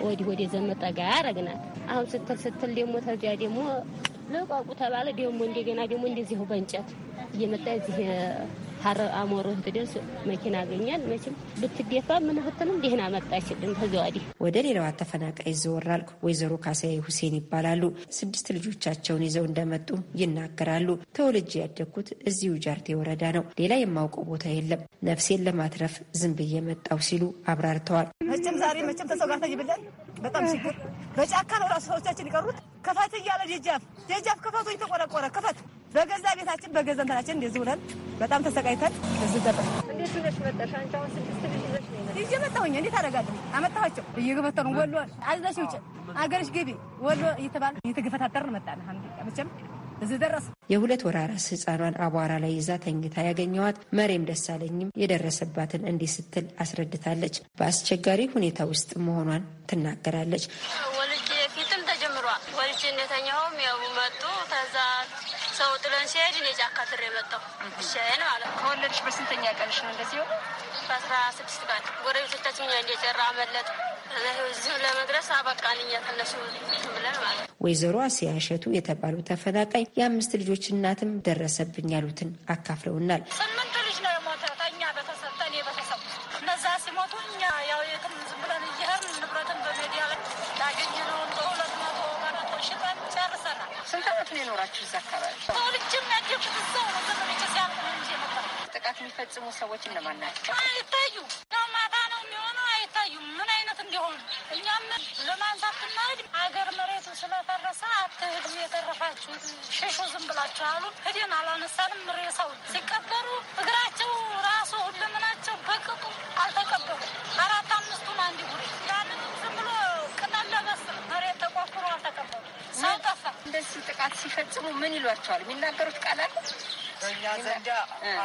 ወዲህ ወደ ዘመጠጋ ያረግናት አሁን ስትል ስትል ደግሞ ተዚያ ደግሞ ልቀቁ ተባለ። ደግሞ እንደገና ደግሞ እንደዚሁ በእንጨት እየመጣ እዚህ ሀረ አሞሮ ስትደርስ መኪና ያገኛል። መቼም ብትደፋ ምን ህትንም ደህና መጣችልን። ከዚያ ወዲህ ወደ ሌላዋ ተፈናቃይ ይዘወራል። ወይዘሮ ካሳይ ሁሴን ይባላሉ። ስድስት ልጆቻቸውን ይዘው እንደመጡ ይናገራሉ። ተወልጄ ያደግኩት እዚሁ ጃርቴ ወረዳ ነው። ሌላ የማውቀው ቦታ የለም። ነፍሴን ለማትረፍ ዝም ብዬ ሲሉ አብራርተዋል። መቼም ዛሬ መቼም ተሰው ጋር ተይብለን በጣም ችግር በጫካ ነው ራሱ ሰዎቻችን ይቀሩት ክፈት እያለ ደጃፍ ደጃፍ ክፈቱኝ ተቆረቆረ ክፈት በገዛ ቤታችን በገዛ እንትናችን እንደዚህ ብለን በጣም ተሰቃይተን እዚህ ገጠር እንዴት ነሽ መጣሽ? አንቺ አሁን ስድስት ልጅ ነሽ ነው ይዤ መጣሁኝ። እንዴት አደርጋለሁ? አመጣኋቸው እየገፈተሩ ወሎ አዘሽ ውጭ አገርሽ ግቢ ወሎ እየተባለ እየተገፈታተርን መጣን። መቼም እዚህ ደረስ የሁለት ወር አራስ ህፃኗን አቧራ ላይ ይዛ ተኝታ ያገኘዋት መሬም ደሳለኝም የደረሰባትን እንዲህ ስትል አስረድታለች። በአስቸጋሪ ሁኔታ ውስጥ መሆኗን ትናገራለች። የተኛውም ያው መጡ። ከዛ ሰው ጥለን ሲሄድ እኔ ጫካ ትሬ መጣሁ ብቻዬን ማለት ነው። ከወለድሽ በስንተኛ ቀንሽ ነው እንደዚህ ሆነ? በአስራ ስድስት ቀን ጎረቤቶቻችን እኛ እንደጨራ መለጥ ለመድረስ አበቃንኛ ተነሱ ብለን ማለት ወይዘሮ አስያ እሸቱ የተባሉ ተፈናቃይ የአምስት ልጆች እናትም ደረሰብኝ ያሉትን አካፍለውናል። ነው የኖራችሁ እዛ አካባቢ? እዛው ነው። ጥቃት የሚፈጽሙ ሰዎች እነማን ናቸው? አይታዩ ማታ ነው የሚሆነው። አይታዩ ምን አይነት እንዲሆኑ እኛም ለማንሳት ብናሄድ ሀገር መሬቱ ስለፈረሰ አትሄዱ፣ የተረፋችሁት ሽሹ፣ ዝም ብላችሁ አሉ። ሂደን አላነሳንም። ሬሳው ሲቀበሩ እግራቸው ራሱ ሁለምናቸው በቅጡ አልተቀበሩ። አራት አምስቱን አንድ ጉሬ ዝም ብሎ ቅጠል ለበስ መሬት ተቆፍሮ አልተቀበሩ ሳይጠፉ እንደዚህ ጥቃት ሲፈጽሙ ምን ይሏቸዋል? የሚናገሩት ቃል አለ? በእኛ ዘንዳ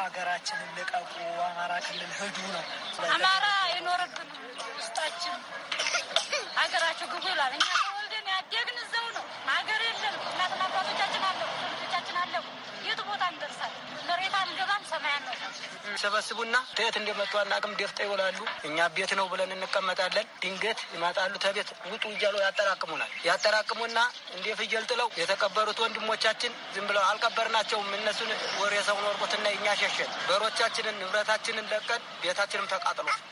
ሀገራችን ልቀቁ፣ አማራ ክልል ህዱ ነው። አማራ የኖረብን ውስጣችን ሀገራቸው ግቡ ይላል። እኛ ተወልደን ያደግን እዛው ነው። ሀገር የለም። እናትና አባቶቻችን አለው የት ቦታ እንደርሳለን? መሬት አንገባም፣ ሰበስቡና የት እንደመጡ አናውቅም። ደፍጠ ይውላሉ። እኛ ቤት ነው ብለን እንቀመጣለን። ድንገት ይመጣሉ። ተቤት ውጡ እያሉ ያጠራቅሙናል። ያጠራቅሙና እንደ ፍየል ጥለው የተቀበሩት ወንድሞቻችን ዝም ብለው አልቀበርናቸውም። እነሱን ወሬ ሰውን ወርቆትና እኛ ሸሸን። በሮቻችንን ንብረታችንን ለቀን ቤታችንም ተቃጥሏል።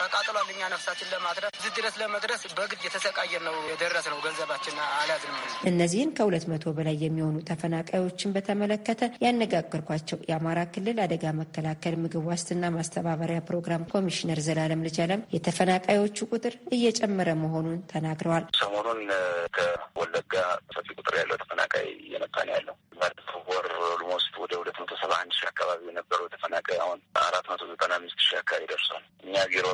ተቃጥሏል። እኛ ነፍሳችን ለማትረፍ እዚህ ድረስ ለመድረስ በግድ የተሰቃየን ነው የደረስ ነው። ገንዘባችን አልያዝንም። እነዚህን ከሁለት መቶ በላይ የሚሆኑ ተፈናቃዮችን በተመለከተ ያነጋገርኳቸው የአማራ ክልል አደጋ መከላከል ምግብ ዋስትና ማስተባበሪያ ፕሮግራም ኮሚሽነር ዘላለም ልጀለም የተፈናቃዮቹ ቁጥር እየጨመረ መሆኑን ተናግረዋል። ሰሞኑን ከወለጋ ሰፊ ቁጥር ያለው ተፈናቃይ እየመጣ ነው ያለው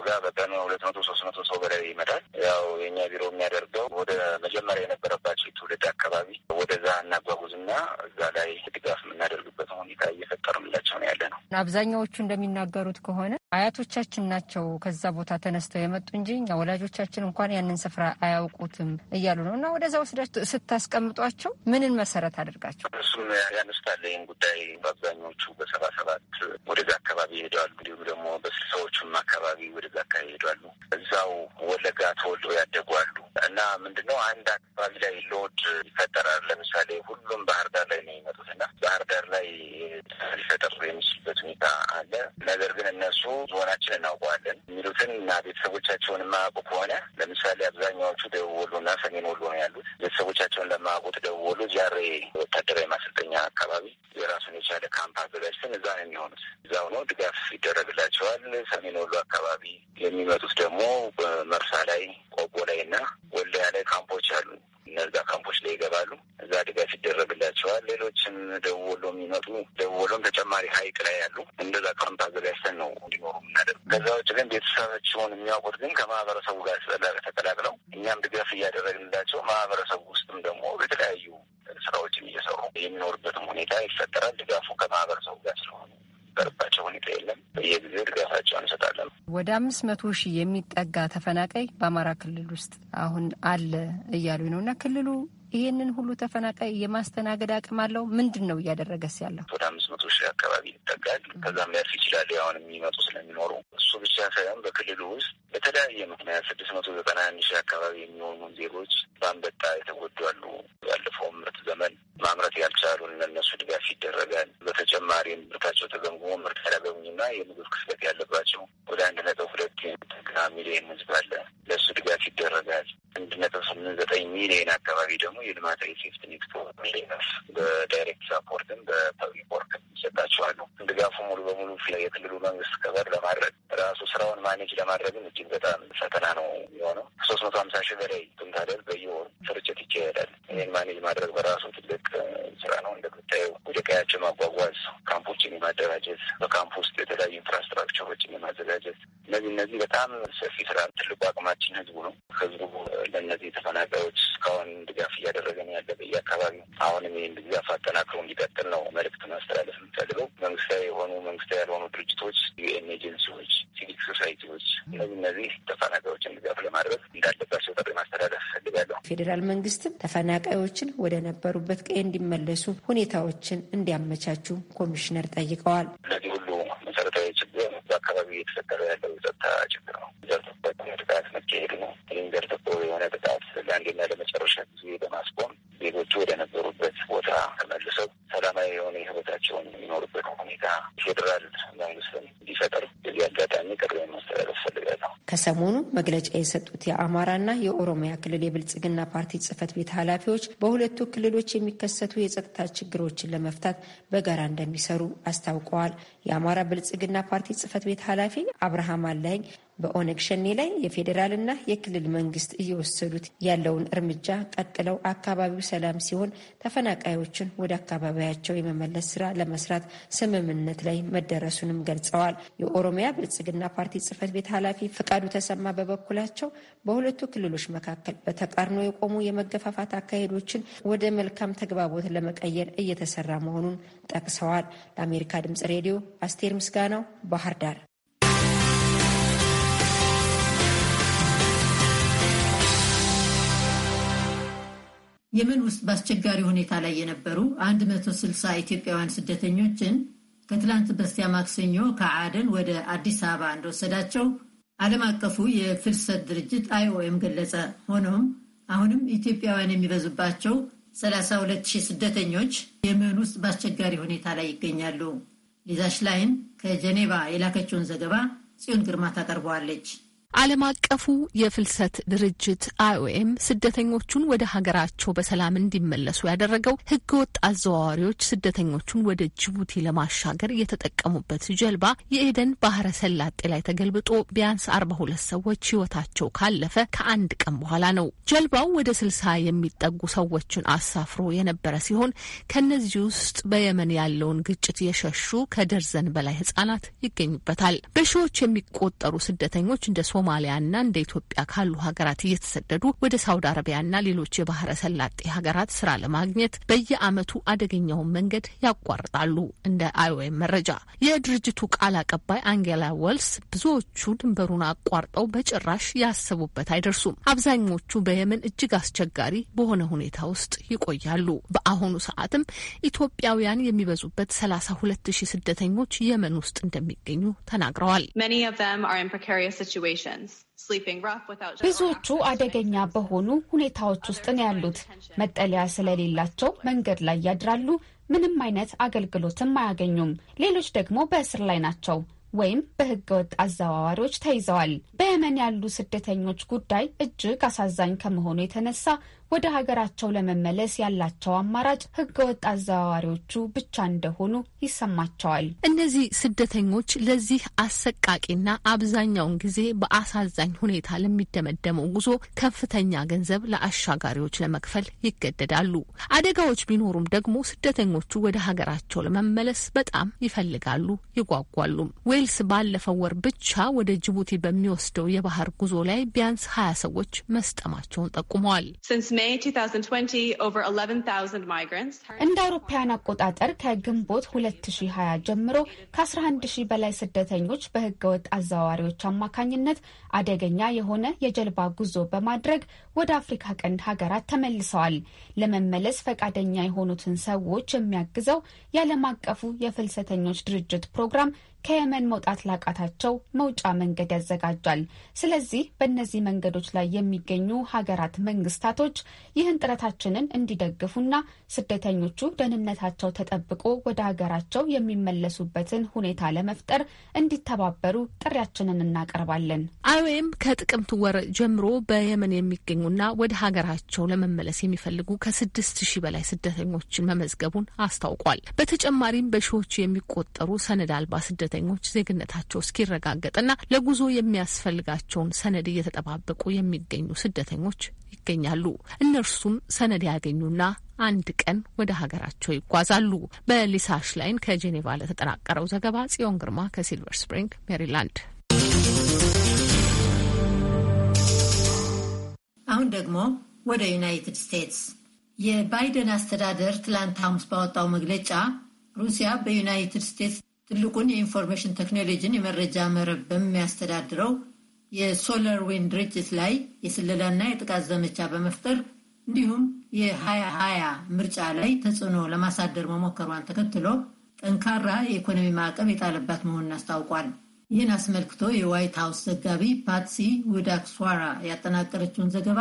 ጋር በቀን ሁለት መቶ ሶስት መቶ ሰው በላይ ይመጣል። ያው የኛ ቢሮ የሚያደርገው ወደ መጀመሪያ የነበረባቸው ትውልድ አካባቢ ወደዛ እናጓጉዝና እዛ ላይ ድጋፍ የምናደርግበት ሁኔታ እየፈጠርንላቸው ነው ያለ ነው። አብዛኛዎቹ እንደሚናገሩት ከሆነ አያቶቻችን ናቸው ከዛ ቦታ ተነስተው የመጡ እንጂ እኛ ወላጆቻችን እንኳን ያንን ስፍራ አያውቁትም እያሉ ነው እና ወደዛ ወስዳችሁ ስታስቀምጧቸው ምንን መሰረት አድርጋቸው እሱም ያነሱታል። ይህን ጉዳይ በአብዛኞቹ በሰባ ሰባት ወደዛ አካባቢ ይሄዳሉ። እንዲሁም ደግሞ በስልሳዎቹም አካባቢ ወደዛ አካባቢ ይሄዳሉ። እዛው ወለጋ ተወልደው ያደጉ አሉ እና ምንድነው አንድ አካባቢ ላይ ሎድ ይፈጠራል። ለምሳሌ ሁሉም ባህር ዳር ላይ ነው የሚመጡት እና ባህር ዳር ላይ ሊፈጠር የሚችልበት ሁኔታ አለ። ነገር ግን እነሱ መሆናችን እናውቀዋለን የሚሉትን እና ቤተሰቦቻቸውን የማያውቁ ከሆነ ለምሳሌ አብዛኛዎቹ ደቡብ ወሎ እና ሰሜን ወሎ ነው ያሉት። ቤተሰቦቻቸውን ለማያውቁት ደቡብ ወሎ ጃሬ ወታደራዊ ማሰልጠኛ አካባቢ የራሱን የቻለ ካምፕ አዘጋጅተን እዛ ነው የሚሆኑት። እዛው ነው ድጋፍ ይደረግላቸዋል። ሰሜን ወሎ አካባቢ የሚመጡት ደግሞ መርሳ ላይ፣ ቆቦ ላይ እና ወልዲያ ላይ ካምፖች አሉ። እነዛ ካምፖች ላይ ይገባሉ። እዛ ድጋፍ ይደረግላቸዋል። ሌሎችም ደወሎ የሚመጡ ደወሎም ተጨማሪ ሀይቅ ላይ ያሉ እንደዛ ካምፕ አዘጋጅተን ነው እንዲኖሩ የምናደርግ። ከዛ ውጭ ግን ቤተሰባቸውን የሚያውቁት ግን ከማህበረሰቡ ጋር ተቀላቅለው እኛም ድጋፍ እያደረግንላቸው ማህበረሰቡ ውስጥም ደግሞ የተለያዩ ስራዎችን እየሰሩ የሚኖርበትም ሁኔታ ይፈጠራል። ድጋፉ ከማህበረሰቡ ጋር ስለሆነ የነበረባቸው ሁኔታ የለም። በየጊዜው ድጋፋቸውን እንሰጣለን። ወደ አምስት መቶ ሺህ የሚጠጋ ተፈናቃይ በአማራ ክልል ውስጥ አሁን አለ እያሉ ነው እና ክልሉ ይህንን ሁሉ ተፈናቃይ የማስተናገድ አቅም አለው? ምንድን ነው እያደረገስ ያለው? ወደ አምስት መቶ ሺህ አካባቢ ይጠጋል። ከዛም ያልፍ ይችላል። አሁን የሚመጡ ስለሚኖሩ እሱ ብቻ ሳይሆን በክልሉ ውስጥ በተለያየ ምክንያት ስድስት መቶ ዘጠና አንድ ሺህ አካባቢ የሚሆኑ ዜጎች በአንበጣ የተጎዱ አሉ። ባለፈው ምርት ዘመን ማምረት ያልቻሉን ለነሱ ድጋፍ ይደረጋል። በተጨማሪም ምርታቸው ተገምግሞ ምርት ያላገኙና የምግብ ክፍለት ያለባቸው ወደ አንድ ነጥብ ሁለት ጠጋ ሚሊዮን ህዝብ አለ። ለእሱ ድጋፍ ይደረጋል። አንድ ነጥብ ስምንት ዘጠኝ ሚሊዮን አካባቢ ደግሞ የልማታዊ ሴፍትኔት ሚሊዮነርስ በዳይሬክት ሳፖርትም በፐብሊክ ወርክ ይሰጣቸዋሉ። ድጋፉ ሙሉ በሙሉ የክልሉ መንግስት ከበር ለማድረግ ራሱ ስራውን ማኔጅ ለማድረግም እጅግ በጣም ፈተና ነው የሚሆነው። ሶስት መቶ ሀምሳ ሺህ በላይ ኩንታል በየወሩ ስርጭት ይካሄዳል። ይህን ማኔጅ ማድረግ በራሱ ትልቅ ስራ ነው። እንደምታየው ወደ ቀያቸው ማጓጓዝ፣ ካምፖችን የማደራጀት፣ በካምፕ ውስጥ የተለያዩ ኢንፍራስትራክቸሮችን የማዘጋጀት እነዚህ እነዚህ በጣም ሰፊ ስራ፣ ትልቁ አቅማችን ህዝቡ ነው። ህዝቡ ለእነዚህ ተፈናቃዮች እስካሁን ድጋፍ እያደረገን ያለ በየአካባቢ አሁንም ይህን ድጋፍ አጠናክሮ እንዲቀጥል ነው መልክት ማስተላለፍ የምፈልገው። መንግስታዊ የሆኑ መንግስታዊ ያልሆኑ ድርጅቶች፣ ዩኤን ኤጀንሲዎች፣ ሲቪክ ሶሳይቲዎች እነዚህ እነዚህ ተፈናቃዮችን ድጋፍ ለማድረግ እንዳለባቸው ጥሪ ማስተላለፍ ፈልጋለሁ። ፌዴራል መንግስትም ተፈናቃዮችን ወደ ነበሩበት ቀይ እንዲመለሱ ሁኔታዎችን እንዲያመቻቹ ኮሚሽነር ጠይቀዋል። ሁሉ መሰረታዊ ችግር አካባቢ እየተፈጠረ ያለው የጸጥታ ችግር ነው። ዘር ጥቃት መካሄድ ነው። ይህም ዘር የሆነ ጥቃት ለአንዴና ለመጨረሻ ጊዜ በማስቆም ዜጎቹ ወደ ነበሩበት ቦታ ተመልሰው ሰላማዊ የሆነ ህይወታቸውን የሚኖሩበት ሁኔታ ፌዴራል መንግስትን እንዲፈጠር እዚህ አጋጣሚ ቅሬ ማስተላለፍ ፈልጋለሁ። ከሰሞኑ መግለጫ የሰጡት የአማራና የኦሮሚያ ክልል የብልጽግና ፓርቲ ጽህፈት ቤት ኃላፊዎች በሁለቱ ክልሎች የሚከሰቱ የጸጥታ ችግሮችን ለመፍታት በጋራ እንደሚሰሩ አስታውቀዋል። የአማራ ብልጽግና ፓርቲ ጽህፈት ቤት ቤት ኃላፊ አብርሃም አላኝ በኦነግ ሸኔ ላይ የፌዴራልና የክልል መንግስት እየወሰዱት ያለውን እርምጃ ቀጥለው አካባቢው ሰላም ሲሆን ተፈናቃዮችን ወደ አካባቢያቸው የመመለስ ስራ ለመስራት ስምምነት ላይ መደረሱንም ገልጸዋል። የኦሮሚያ ብልጽግና ፓርቲ ጽህፈት ቤት ኃላፊ ፍቃዱ ተሰማ በበኩላቸው በሁለቱ ክልሎች መካከል በተቃርኖ የቆሙ የመገፋፋት አካሄዶችን ወደ መልካም ተግባቦት ለመቀየር እየተሰራ መሆኑን ጠቅሰዋል። ለአሜሪካ ድምጽ ሬዲዮ አስቴር ምስጋናው ባህር ዳር የመን ውስጥ በአስቸጋሪ ሁኔታ ላይ የነበሩ 160 ኢትዮጵያውያን ስደተኞችን ከትላንት በስቲያ ማክሰኞ ከአደን ወደ አዲስ አበባ እንደወሰዳቸው ዓለም አቀፉ የፍልሰት ድርጅት አይኦኤም ገለጸ። ሆኖም አሁንም ኢትዮጵያውያን የሚበዙባቸው 32000 ስደተኞች የመን ውስጥ በአስቸጋሪ ሁኔታ ላይ ይገኛሉ። ሊዛ ሽላይን ከጀኔቫ የላከችውን ዘገባ ጽዮን ግርማ ታቀርበዋለች። ዓለም አቀፉ የፍልሰት ድርጅት አይኦኤም ስደተኞቹን ወደ ሀገራቸው በሰላም እንዲመለሱ ያደረገው ህገወጥ አዘዋዋሪዎች ስደተኞቹን ወደ ጅቡቲ ለማሻገር የተጠቀሙበት ጀልባ የኤደን ባህረ ሰላጤ ላይ ተገልብጦ ቢያንስ አርባ ሁለት ሰዎች ህይወታቸው ካለፈ ከአንድ ቀን በኋላ ነው። ጀልባው ወደ ስልሳ የሚጠጉ ሰዎችን አሳፍሮ የነበረ ሲሆን ከእነዚህ ውስጥ በየመን ያለውን ግጭት የሸሹ ከደርዘን በላይ ህጻናት ይገኙበታል። በሺዎች የሚቆጠሩ ስደተኞች እንደ ሶማሊያና እንደ ኢትዮጵያ ካሉ ሀገራት እየተሰደዱ ወደ ሳውዲ አረቢያና ሌሎች የባህረ ሰላጤ ሀገራት ስራ ለማግኘት በየአመቱ አደገኛውን መንገድ ያቋርጣሉ። እንደ አይኦኤም መረጃ የድርጅቱ ቃል አቀባይ አንጌላ ወልስ ብዙዎቹ ድንበሩን አቋርጠው በጭራሽ ያሰቡበት አይደርሱም። አብዛኞቹ በየመን እጅግ አስቸጋሪ በሆነ ሁኔታ ውስጥ ይቆያሉ። በአሁኑ ሰዓትም ኢትዮጵያውያን የሚበዙበት ሰላሳ ሁለት ሺህ ስደተኞች የመን ውስጥ እንደሚገኙ ተናግረዋል። ብዙዎቹ አደገኛ በሆኑ ሁኔታዎች ውስጥ ነው ያሉት። መጠለያ ስለሌላቸው መንገድ ላይ ያድራሉ፣ ምንም አይነት አገልግሎትም አያገኙም። ሌሎች ደግሞ በእስር ላይ ናቸው ወይም በህገወጥ አዘዋዋሪዎች ተይዘዋል። በየመን ያሉ ስደተኞች ጉዳይ እጅግ አሳዛኝ ከመሆኑ የተነሳ ወደ ሀገራቸው ለመመለስ ያላቸው አማራጭ ህገወጥ አዘዋዋሪዎቹ ብቻ እንደሆኑ ይሰማቸዋል። እነዚህ ስደተኞች ለዚህ አሰቃቂና አብዛኛውን ጊዜ በአሳዛኝ ሁኔታ ለሚደመደመው ጉዞ ከፍተኛ ገንዘብ ለአሻጋሪዎች ለመክፈል ይገደዳሉ። አደጋዎች ቢኖሩም ደግሞ ስደተኞቹ ወደ ሀገራቸው ለመመለስ በጣም ይፈልጋሉ፣ ይጓጓሉ። ዌልስ ባለፈው ወር ብቻ ወደ ጅቡቲ በሚወስደው የባህር ጉዞ ላይ ቢያንስ ሀያ ሰዎች መስጠማቸውን ጠቁመዋል። እንደ አውሮፓውያን አቆጣጠር ከግንቦት 2020 ጀምሮ ከ11000 በላይ ስደተኞች በህገወጥ አዘዋዋሪዎች አማካኝነት አደገኛ የሆነ የጀልባ ጉዞ በማድረግ ወደ አፍሪካ ቀንድ ሀገራት ተመልሰዋል። ለመመለስ ፈቃደኛ የሆኑትን ሰዎች የሚያግዘው የዓለም አቀፉ የፍልሰተኞች ድርጅት ፕሮግራም ከየመን መውጣት ላቃታቸው መውጫ መንገድ ያዘጋጃል። ስለዚህ በእነዚህ መንገዶች ላይ የሚገኙ ሀገራት መንግስታቶች ይህን ጥረታችንን እንዲደግፉና ስደተኞቹ ደህንነታቸው ተጠብቆ ወደ ሀገራቸው የሚመለሱበትን ሁኔታ ለመፍጠር እንዲተባበሩ ጥሪያችንን እናቀርባለን። አይኦኤም ከጥቅምት ወር ጀምሮ በየመን የሚገኙና ወደ ሀገራቸው ለመመለስ የሚፈልጉ ከስድስት ሺህ በላይ ስደተኞችን መመዝገቡን አስታውቋል። በተጨማሪም በሺዎች የሚቆጠሩ ሰነድ አልባ ስደ ስደተኞች ዜግነታቸው እስኪረጋገጥና ለጉዞ የሚያስፈልጋቸውን ሰነድ እየተጠባበቁ የሚገኙ ስደተኞች ይገኛሉ። እነርሱም ሰነድ ያገኙና አንድ ቀን ወደ ሀገራቸው ይጓዛሉ። በሊሳ ሽላይን ከጄኔቫ ለተጠናቀረው ዘገባ ጽዮን ግርማ ከሲልቨር ስፕሪንግ ሜሪላንድ። አሁን ደግሞ ወደ ዩናይትድ ስቴትስ የባይደን አስተዳደር ትላንት ሐሙስ ባወጣው መግለጫ ሩሲያ በዩናይትድ ስቴትስ ትልቁን የኢንፎርሜሽን ቴክኖሎጂን የመረጃ መረብ በሚያስተዳድረው የሶለር ዊንድ ድርጅት ላይ የስለላና የጥቃት ዘመቻ በመፍጠር እንዲሁም የ2020 ምርጫ ላይ ተጽዕኖ ለማሳደር መሞከሯን ተከትሎ ጠንካራ የኢኮኖሚ ማዕቀብ የጣለባት መሆኑን አስታውቋል። ይህን አስመልክቶ የዋይት ሀውስ ዘጋቢ ፓትሲ ውዳክስዋራ ያጠናቀረችውን ዘገባ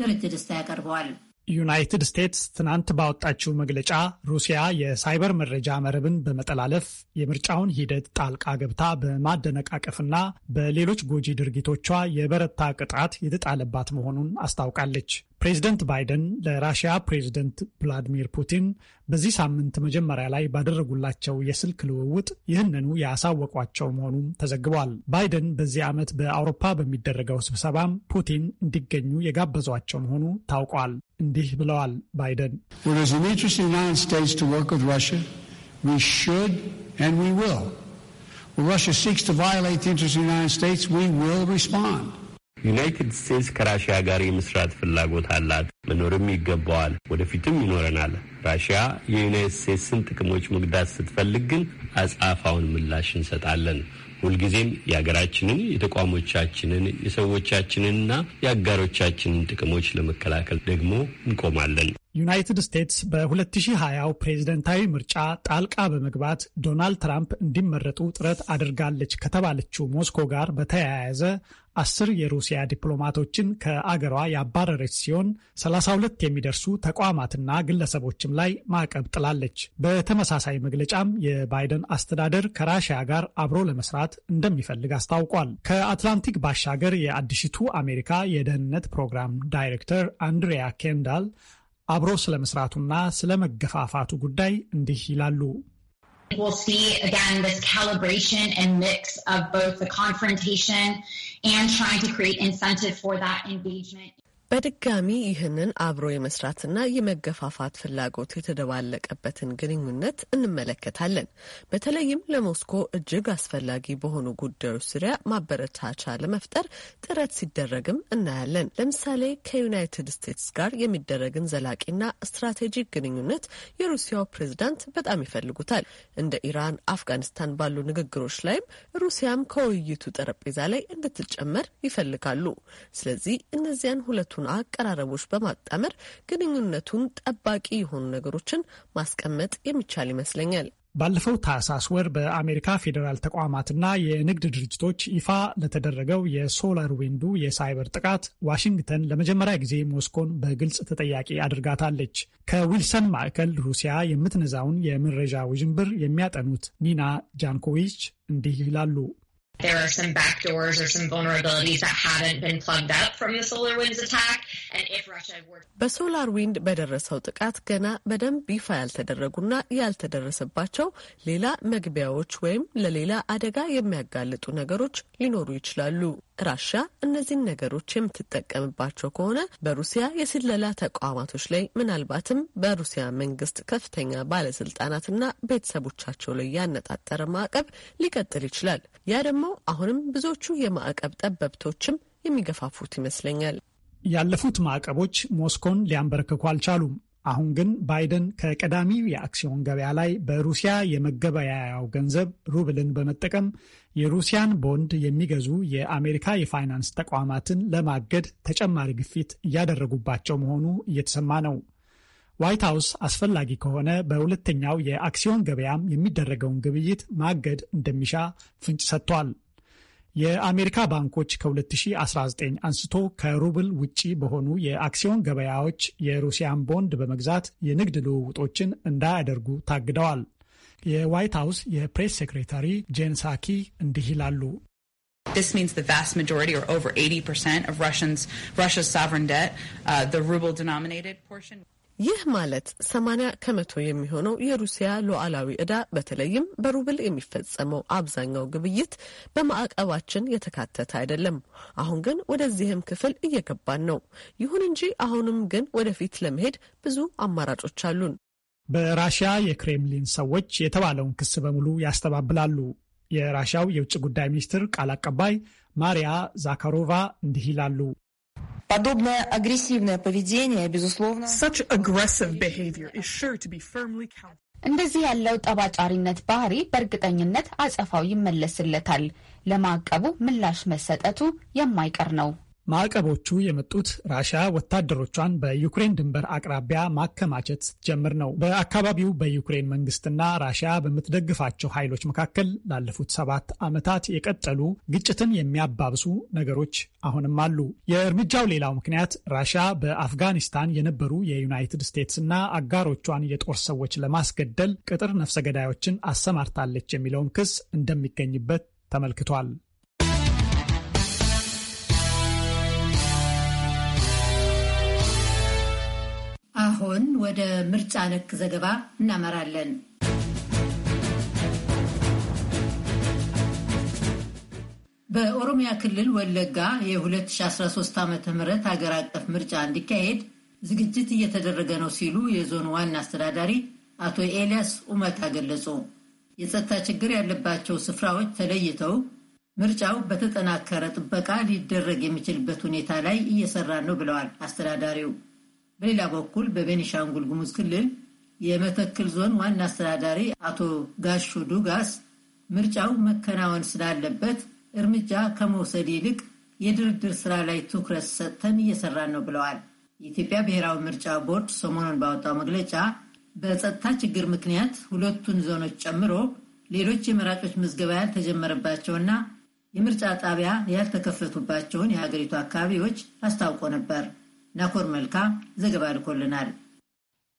ደረጀ ደስታ ያቀርበዋል። ዩናይትድ ስቴትስ ትናንት ባወጣችው መግለጫ ሩሲያ የሳይበር መረጃ መረብን በመጠላለፍ የምርጫውን ሂደት ጣልቃ ገብታ በማደነቃቀፍና በሌሎች ጎጂ ድርጊቶቿ የበረታ ቅጣት የተጣለባት መሆኑን አስታውቃለች። ፕሬዚደንት ባይደን ለራሽያ ፕሬዚደንት ቭላዲሚር ፑቲን በዚህ ሳምንት መጀመሪያ ላይ ባደረጉላቸው የስልክ ልውውጥ ይህንኑ ያሳወቋቸው መሆኑም ተዘግቧል። ባይደን በዚህ ዓመት በአውሮፓ በሚደረገው ስብሰባም ፑቲን እንዲገኙ የጋበዟቸው መሆኑ ታውቋል። እንዲህ ብለዋል ባይደን ዩናይትድ ስቴትስ ከራሽያ ጋር የመስራት ፍላጎት አላት፣ መኖርም ይገባዋል፣ ወደፊትም ይኖረናል። ራሽያ የዩናይትድ ስቴትስን ጥቅሞች መግዳት ስትፈልግ ግን አጻፋውን ምላሽ እንሰጣለን። ሁልጊዜም የሀገራችንን የተቋሞቻችንን የሰዎቻችንንና የአጋሮቻችንን ጥቅሞች ለመከላከል ደግሞ እንቆማለን። ዩናይትድ ስቴትስ በ2020 ፕሬዝደንታዊ ምርጫ ጣልቃ በመግባት ዶናልድ ትራምፕ እንዲመረጡ ጥረት አድርጋለች ከተባለችው ሞስኮ ጋር በተያያዘ አስር የሩሲያ ዲፕሎማቶችን ከአገሯ ያባረረች ሲሆን 32 የሚደርሱ ተቋማትና ግለሰቦችም ላይ ማዕቀብ ጥላለች። በተመሳሳይ መግለጫም የባይደን አስተዳደር ከራሽያ ጋር አብሮ ለመስራት እንደሚፈልግ አስታውቋል። ከአትላንቲክ ባሻገር የአዲሽቱ አሜሪካ የደህንነት ፕሮግራም ዳይሬክተር አንድሪያ ኬንዳል አብሮ ስለመስራቱና ስለመገፋፋቱ ጉዳይ እንዲህ ይላሉ። we'll see again this calibration and mix of both the confrontation and trying to create incentive for that engagement. በድጋሚ ይህንን አብሮ የመስራትና የመገፋፋት ፍላጎት የተደባለቀበትን ግንኙነት እንመለከታለን። በተለይም ለሞስኮ እጅግ አስፈላጊ በሆኑ ጉዳዮች ዙሪያ ማበረታቻ ለመፍጠር ጥረት ሲደረግም እናያለን። ለምሳሌ ከዩናይትድ ስቴትስ ጋር የሚደረግን ዘላቂና ስትራቴጂክ ግንኙነት የሩሲያው ፕሬዝዳንት በጣም ይፈልጉታል። እንደ ኢራን፣ አፍጋኒስታን ባሉ ንግግሮች ላይም ሩሲያም ከውይይቱ ጠረጴዛ ላይ እንድትጨመር ይፈልጋሉ። ስለዚህ እነዚያን ሁለቱ የሁለቱን አቀራረቦች በማጣመር ግንኙነቱን ጠባቂ የሆኑ ነገሮችን ማስቀመጥ የሚቻል ይመስለኛል። ባለፈው ታህሳስ ወር በአሜሪካ ፌዴራል ተቋማትና የንግድ ድርጅቶች ይፋ ለተደረገው የሶላር ዊንዱ የሳይበር ጥቃት ዋሽንግተን ለመጀመሪያ ጊዜ ሞስኮን በግልጽ ተጠያቂ አድርጋታለች። ከዊልሰን ማዕከል ሩሲያ የምትነዛውን የመረጃ ውዥንብር የሚያጠኑት ኒና ጃንኮዊች እንዲህ ይላሉ። there are some backdoors or some vulnerabilities that haven't been plugged up from the solar winds attack and if russia were በሶላር ዊንድ በደረሰው ጥቃት ገና በደንብ ይፋ ያልተደረጉና ያልተደረሰባቸው ሌላ መግቢያዎች ወይም ለሌላ አደጋ የሚያጋልጡ ነገሮች ሊኖሩ ይችላሉ። ራሽያ እነዚህን ነገሮች የምትጠቀምባቸው ከሆነ በሩሲያ የስለላ ተቋማቶች ላይ ምናልባትም በሩሲያ መንግስት ከፍተኛ ባለስልጣናትና ቤተሰቦቻቸው ላይ ያነጣጠረ ማዕቀብ ሊቀጥል ይችላል። ያ ደግሞ አሁንም ብዙዎቹ የማዕቀብ ጠበብቶችም የሚገፋፉት ይመስለኛል። ያለፉት ማዕቀቦች ሞስኮን ሊያንበረክኩ አልቻሉም። አሁን ግን ባይደን ከቀዳሚው የአክሲዮን ገበያ ላይ በሩሲያ የመገበያያው ገንዘብ ሩብልን በመጠቀም የሩሲያን ቦንድ የሚገዙ የአሜሪካ የፋይናንስ ተቋማትን ለማገድ ተጨማሪ ግፊት እያደረጉባቸው መሆኑ እየተሰማ ነው። ዋይት ሀውስ አስፈላጊ ከሆነ በሁለተኛው የአክሲዮን ገበያም የሚደረገውን ግብይት ማገድ እንደሚሻ ፍንጭ ሰጥቷል። የአሜሪካ ባንኮች ከ2019 አንስቶ ከሩብል ውጪ በሆኑ የአክሲዮን ገበያዎች የሩሲያን ቦንድ በመግዛት የንግድ ልውውጦችን እንዳያደርጉ ታግደዋል። የዋይት ሀውስ የፕሬስ ሴክሬታሪ ጄን ሳኪ እንዲህ ይላሉ። ይህ ማለት 80 ከመቶ የሚሆነው የሩሲያ ሉዓላዊ ዕዳ በተለይም በሩብል የሚፈጸመው አብዛኛው ግብይት በማዕቀባችን የተካተተ አይደለም። አሁን ግን ወደዚህም ክፍል እየገባን ነው። ይሁን እንጂ አሁንም ግን ወደፊት ለመሄድ ብዙ አማራጮች አሉን። በራሽያ የክሬምሊን ሰዎች የተባለውን ክስ በሙሉ ያስተባብላሉ። የራሽያው የውጭ ጉዳይ ሚኒስትር ቃል አቀባይ ማሪያ ዛካሮቫ እንዲህ ይላሉ። Подобное агрессивное поведение, безусловно... Such aggressive behavior is sure to be firmly counted. እንደዚህ ያለው ጠባጫሪነት ባህሪ በእርግጠኝነት አጸፋው ይመለስለታል። ለማዕቀቡ ምላሽ መሰጠቱ የማይቀር ነው። ማዕቀቦቹ የመጡት ራሽያ ወታደሮቿን በዩክሬን ድንበር አቅራቢያ ማከማቸት ስትጀምር ነው። በአካባቢው በዩክሬን መንግስትና ራሽያ በምትደግፋቸው ኃይሎች መካከል ላለፉት ሰባት ዓመታት የቀጠሉ ግጭትን የሚያባብሱ ነገሮች አሁንም አሉ። የእርምጃው ሌላው ምክንያት ራሽያ በአፍጋኒስታን የነበሩ የዩናይትድ ስቴትስ እና አጋሮቿን የጦር ሰዎች ለማስገደል ቅጥር ነፍሰ ገዳዮችን አሰማርታለች የሚለውን ክስ እንደሚገኝበት ተመልክቷል። አሁን ወደ ምርጫ ነክ ዘገባ እናመራለን። በኦሮሚያ ክልል ወለጋ የ2013 ዓ ም ሀገር አቀፍ ምርጫ እንዲካሄድ ዝግጅት እየተደረገ ነው ሲሉ የዞኑ ዋና አስተዳዳሪ አቶ ኤልያስ ኡመታ ገለጹ። የጸጥታ ችግር ያለባቸው ስፍራዎች ተለይተው ምርጫው በተጠናከረ ጥበቃ ሊደረግ የሚችልበት ሁኔታ ላይ እየሰራ ነው ብለዋል አስተዳዳሪው። በሌላ በኩል በቤኒሻንጉል ጉሙዝ ክልል የመተክል ዞን ዋና አስተዳዳሪ አቶ ጋሹ ዱጋስ ምርጫው መከናወን ስላለበት እርምጃ ከመውሰድ ይልቅ የድርድር ስራ ላይ ትኩረት ሰጥተን እየሰራን ነው ብለዋል። የኢትዮጵያ ብሔራዊ ምርጫ ቦርድ ሰሞኑን ባወጣው መግለጫ በጸጥታ ችግር ምክንያት ሁለቱን ዞኖች ጨምሮ ሌሎች የመራጮች ምዝገባ ያልተጀመረባቸውና የምርጫ ጣቢያ ያልተከፈቱባቸውን የሀገሪቱ አካባቢዎች አስታውቆ ነበር። ናኮር መልካ ዘገባ ልኮልናል።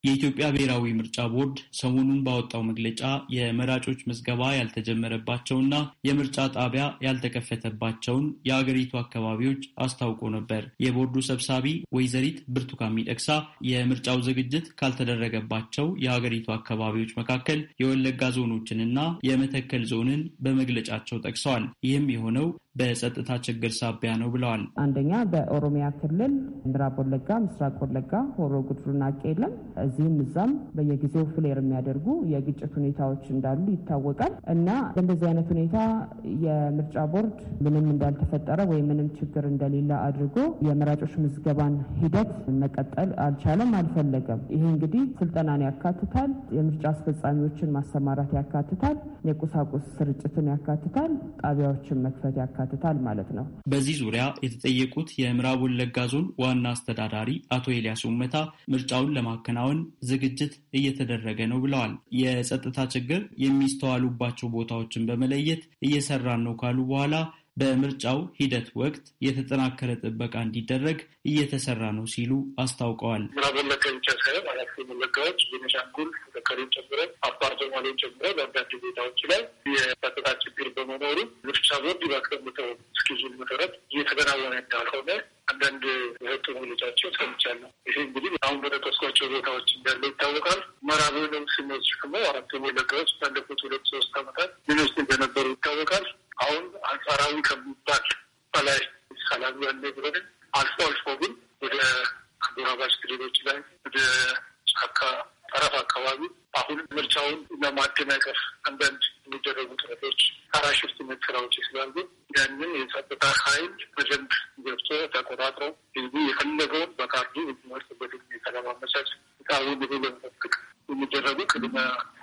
የኢትዮጵያ ብሔራዊ ምርጫ ቦርድ ሰሞኑን ባወጣው መግለጫ የመራጮች ምዝገባ ያልተጀመረባቸውና የምርጫ ጣቢያ ያልተከፈተባቸውን የአገሪቱ አካባቢዎች አስታውቆ ነበር። የቦርዱ ሰብሳቢ ወይዘሪት ብርቱካን ሚደቅሳ የምርጫው ዝግጅት ካልተደረገባቸው የአገሪቱ አካባቢዎች መካከል የወለጋ ዞኖችንና የመተከል ዞንን በመግለጫቸው ጠቅሰዋል። ይህም የሆነው በጸጥታ ችግር ሳቢያ ነው ብለዋል። አንደኛ በኦሮሚያ ክልል ምዕራብ ወለጋ፣ ምስራቅ ወለጋ፣ ሆሮ ጉድሩና ቄለም እዚህም እዛም በየጊዜው ፍሌር የሚያደርጉ የግጭት ሁኔታዎች እንዳሉ ይታወቃል እና በእንደዚህ አይነት ሁኔታ የምርጫ ቦርድ ምንም እንዳልተፈጠረ ወይም ምንም ችግር እንደሌለ አድርጎ የመራጮች ምዝገባን ሂደት መቀጠል አልቻለም፣ አልፈለገም። ይሄ እንግዲህ ስልጠናን ያካትታል፣ የምርጫ አስፈጻሚዎችን ማሰማራት ያካትታል፣ የቁሳቁስ ስርጭትን ያካትታል፣ ጣቢያዎችን መክፈት ያካትታል ያካትታል ማለት ነው። በዚህ ዙሪያ የተጠየቁት የምዕራብ ወለጋ ዞን ዋና አስተዳዳሪ አቶ ኤልያስ ውመታ ምርጫውን ለማከናወን ዝግጅት እየተደረገ ነው ብለዋል። የጸጥታ ችግር የሚስተዋሉባቸው ቦታዎችን በመለየት እየሰራን ነው ካሉ በኋላ በምርጫው ሂደት ወቅት የተጠናከረ ጥበቃ እንዲደረግ እየተሰራ ነው ሲሉ አስታውቀዋል። ምዕራብ ወለጋ ብቻ ሳይሆን አራት ወለጋዎች ቤኒሻንጉል ጨምረ አፋር ሶማሌን ጨምረ በአንዳንድ ቦታዎች ላይ የጸጥታ ችግር በመኖሩ ምርጫ ቦርድ መሰረት እንዳልሆነ አንዳንድ ሰምቻለሁ። ይሄ እንግዲህ አሁን ቦታዎች እንዳለ ይታወቃል። ስንወስድ ደግሞ አራት ወለጋዎች ባለፉት ሁለት ሶስት አመታት ሚኒስትር እንደነበሩ ይታወቃል። አሁን አንጻራዊ ከሚባል በላይ ሰላም ያለ ብለን አልፎ አልፎ ግን ወደ አጎራባች ክልሎች ላይ ወደ ጫካ ጠረፍ አካባቢ አሁን ምርጫውን ለማደናቀፍ አንዳንድ የሚደረጉ ጥረቶች ፓራሽፍትነት ስራዎች ስላሉ ያንን የጸጥታ ኃይል በደንብ ገብቶ ተቆጣጥሮ ህዝቡ የፈለገውን በካርዱ የሚመርጥበት ሁኔታ ለማመቻች ቃሉ ልብ ለመጠብቅ የሚደረጉ ቅድመ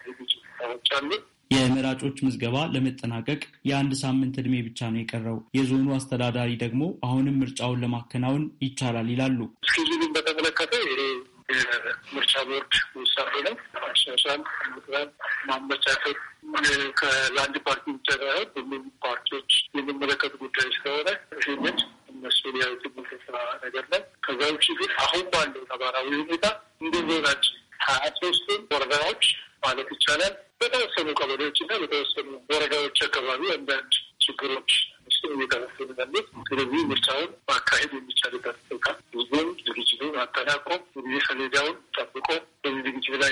ዝግጅት ስራዎች አሉ። የመራጮች ምዝገባ ለመጠናቀቅ የአንድ ሳምንት ዕድሜ ብቻ ነው የቀረው። የዞኑ አስተዳዳሪ ደግሞ አሁንም ምርጫውን ለማከናወን ይቻላል ይላሉ። እስክሪብን በተመለከተ የምርጫ ቦርድ ውሳኔ ነው። ማሻሻል መቅረብ ማመቻቸት ከለአንድ ፓርቲ ብቻ ሳይሆን ሁሉም ፓርቲዎች የሚመለከቱ ጉዳይ ስለሆነ ይህንን እነሱ ሊያዩት የሚገባ ነገር ነው። ከዛ ውጭ ግን አሁን ባለው ነባራዊ ሁኔታ እንደ ዞናችን ሀያ ሶስቱን ወረዳዎች ማለት ይቻላል በተወሰኑ ቀበሌዎች እና በተወሰኑ ወረዳዎች አካባቢ አንዳንድ ችግሮች እሱ እየተረፈሉ ያሉት። ስለዚህ ምርጫውን ማካሄድ የሚቻልበት ስልካል ህዝቡም ዝግጅቱን አጠናቆ ጊዜ ሰሌዳውን ጠብቆ ላይ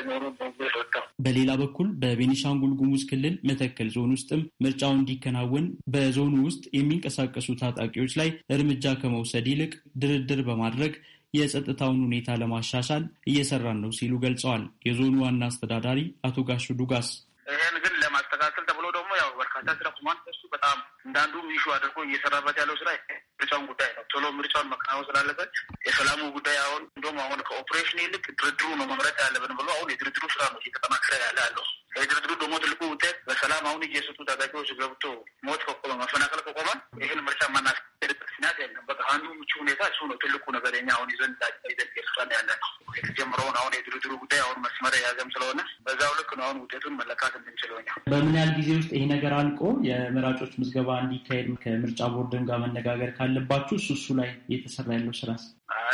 በሌላ በኩል በቤኒሻንጉል ጉሙዝ ክልል መተከል ዞን ውስጥም ምርጫው እንዲከናወን በዞኑ ውስጥ የሚንቀሳቀሱ ታጣቂዎች ላይ እርምጃ ከመውሰድ ይልቅ ድርድር በማድረግ የጸጥታውን ሁኔታ ለማሻሻል እየሰራን ነው ሲሉ ገልጸዋል። የዞኑ ዋና አስተዳዳሪ አቶ ጋሹ ዱጋስ ይህን ግን ለማስተካከል ተብሎ ደግሞ ያው በርካታ ስራ ቁሟል። እሱ በጣም እንዳንዱ ሚሹ አድርጎ እየሰራበት ያለው ስራ ምርጫውን ጉዳይ ነው። ቶሎ ምርጫውን መከናወን ስላለበት የሰላሙ ጉዳይ አሁን እንደውም አሁን ከኦፕሬሽን ይልቅ ድርድሩ ነው መምረጥ ያለብን ብሎ አሁን የድርድሩ ስራ ነው እየተጠናከረ ያለ ያለው ከድርድሩ ደግሞ ትልቁ ውጤት በሰላም አሁን እየሰጡ ታጣቂዎች ገብቶ ሞት ከቆመ መፈናቀል ከቆመ ይህን ምርጫ ማናስደርበት ምክንያት የለም። በቃ አንዱ ምቹ ሁኔታ እሱ ነው። ትልቁ ነገር የኛ አሁን ይዘን ይዘን ያለ ነው የተጀምረውን አሁን የድርድሩ ጉዳይ አሁን መስመር የያዘም ስለሆነ በዛው ልክ ነው አሁን ውጤቱን መለካት የምንችለው እኛ። በምን ያህል ጊዜ ውስጥ ይሄ ነገር አልቆ የመራጮች ምዝገባ እንዲካሄድ ከምርጫ ቦርድን ጋር መነጋገር ካለባችሁ እሱ እሱ ላይ እየተሰራ ያለው ስራስ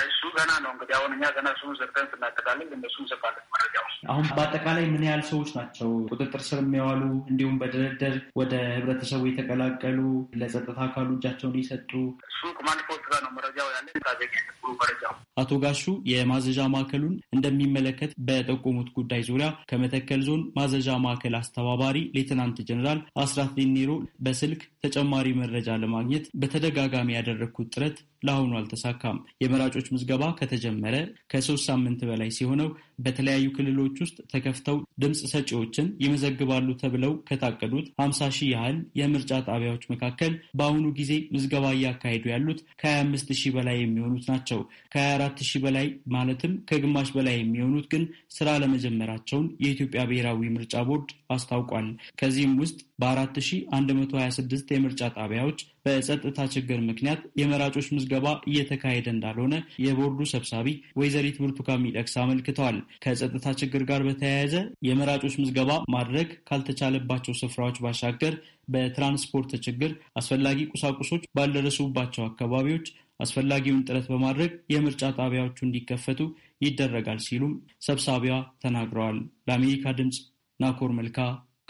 እሱ ገና ነው እንግዲህ አሁን እኛ ገና እሱን ዘርተን ስናጠቃለን ግን እሱን ዘፋለን መረጃው። አሁን በአጠቃላይ ምን ያህል ሰዎች ናቸው ቁጥጥር ስር የሚዋሉ እንዲሁም በድርድር ወደ ህብረተሰቡ የተቀላቀሉ ለጸጥታ አካሉ እጃቸውን የሰጡ? እሱ ኮማንድ ፖስት ጋር ነው መረጃው ያለን ታገኘ መረጃው። አቶ ጋሹ የማዘዣ ማዕከሉን እንደሚመለከት በጠቆሙት ጉዳይ ዙሪያ ከመተከል ዞን ማዘዣ ማዕከል አስተባባሪ ሌትናንት ጀኔራል አስራት ሊኔሮ በስልክ ተጨማሪ መረጃ ለማግኘት በተደጋጋሚ ያደረግኩት ጥረት ለአሁኑ አልተሳካም። የመራጮች ምዝገባ ከተጀመረ ከሶስት ሳምንት በላይ ሲሆነው በተለያዩ ክልሎች ውስጥ ተከፍተው ድምፅ ሰጪዎችን ይመዘግባሉ ተብለው ከታቀዱት ሀምሳ ሺህ ያህል የምርጫ ጣቢያዎች መካከል በአሁኑ ጊዜ ምዝገባ እያካሄዱ ያሉት ከ25 ሺህ በላይ የሚሆኑት ናቸው። ከ24 ሺህ በላይ ማለትም ከግማሽ በላይ የሚሆኑት ግን ስራ ለመጀመራቸውን የኢትዮጵያ ብሔራዊ ምርጫ ቦርድ አስታውቋል። ከዚህም ውስጥ በ4126 የምርጫ ጣቢያዎች በጸጥታ ችግር ምክንያት የመራጮች ምዝገባ እየተካሄደ እንዳልሆነ የቦርዱ ሰብሳቢ ወይዘሪት ብርቱካን ሚደቅሳ አመልክተዋል። ከጸጥታ ችግር ጋር በተያያዘ የመራጮች ምዝገባ ማድረግ ካልተቻለባቸው ስፍራዎች ባሻገር በትራንስፖርት ችግር አስፈላጊ ቁሳቁሶች ባልደረሱባቸው አካባቢዎች አስፈላጊውን ጥረት በማድረግ የምርጫ ጣቢያዎቹ እንዲከፈቱ ይደረጋል ሲሉም ሰብሳቢዋ ተናግረዋል። ለአሜሪካ ድምፅ ናኮር መልካ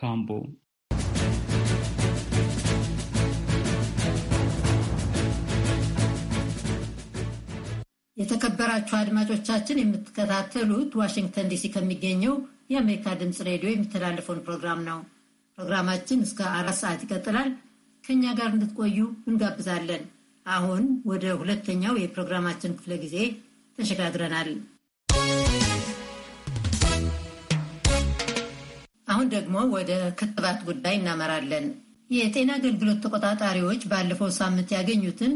ካምቦ የተከበራችሁ አድማጮቻችን የምትከታተሉት ዋሽንግተን ዲሲ ከሚገኘው የአሜሪካ ድምፅ ሬዲዮ የሚተላለፈውን ፕሮግራም ነው። ፕሮግራማችን እስከ አራት ሰዓት ይቀጥላል። ከእኛ ጋር እንድትቆዩ እንጋብዛለን። አሁን ወደ ሁለተኛው የፕሮግራማችን ክፍለ ጊዜ ተሸጋግረናል። አሁን ደግሞ ወደ ክትባት ጉዳይ እናመራለን። የጤና አገልግሎት ተቆጣጣሪዎች ባለፈው ሳምንት ያገኙትን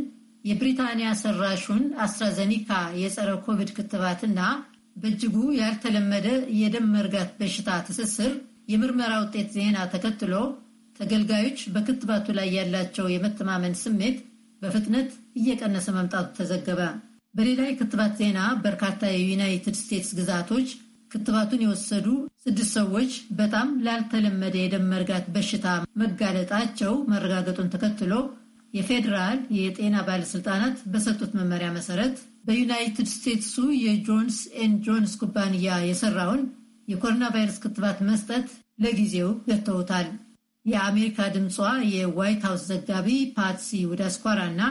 የብሪታንያ ሰራሹን አስትራዘኒካ የጸረ ኮቪድ ክትባትና በእጅጉ ያልተለመደ የደም መርጋት በሽታ ትስስር የምርመራ ውጤት ዜና ተከትሎ ተገልጋዮች በክትባቱ ላይ ያላቸው የመተማመን ስሜት በፍጥነት እየቀነሰ መምጣቱ ተዘገበ። በሌላ የክትባት ዜና በርካታ የዩናይትድ ስቴትስ ግዛቶች ክትባቱን የወሰዱ ስድስት ሰዎች በጣም ላልተለመደ የደም መርጋት በሽታ መጋለጣቸው መረጋገጡን ተከትሎ የፌዴራል የጤና ባለስልጣናት በሰጡት መመሪያ መሰረት በዩናይትድ ስቴትሱ የጆንስ ኤንድ ጆንስ ኩባንያ የሰራውን የኮሮና ቫይረስ ክትባት መስጠት ለጊዜው ገጥተውታል። የአሜሪካ ድምጿ የዋይት ሃውስ ዘጋቢ ፓትሲ ውዳስኳራ እና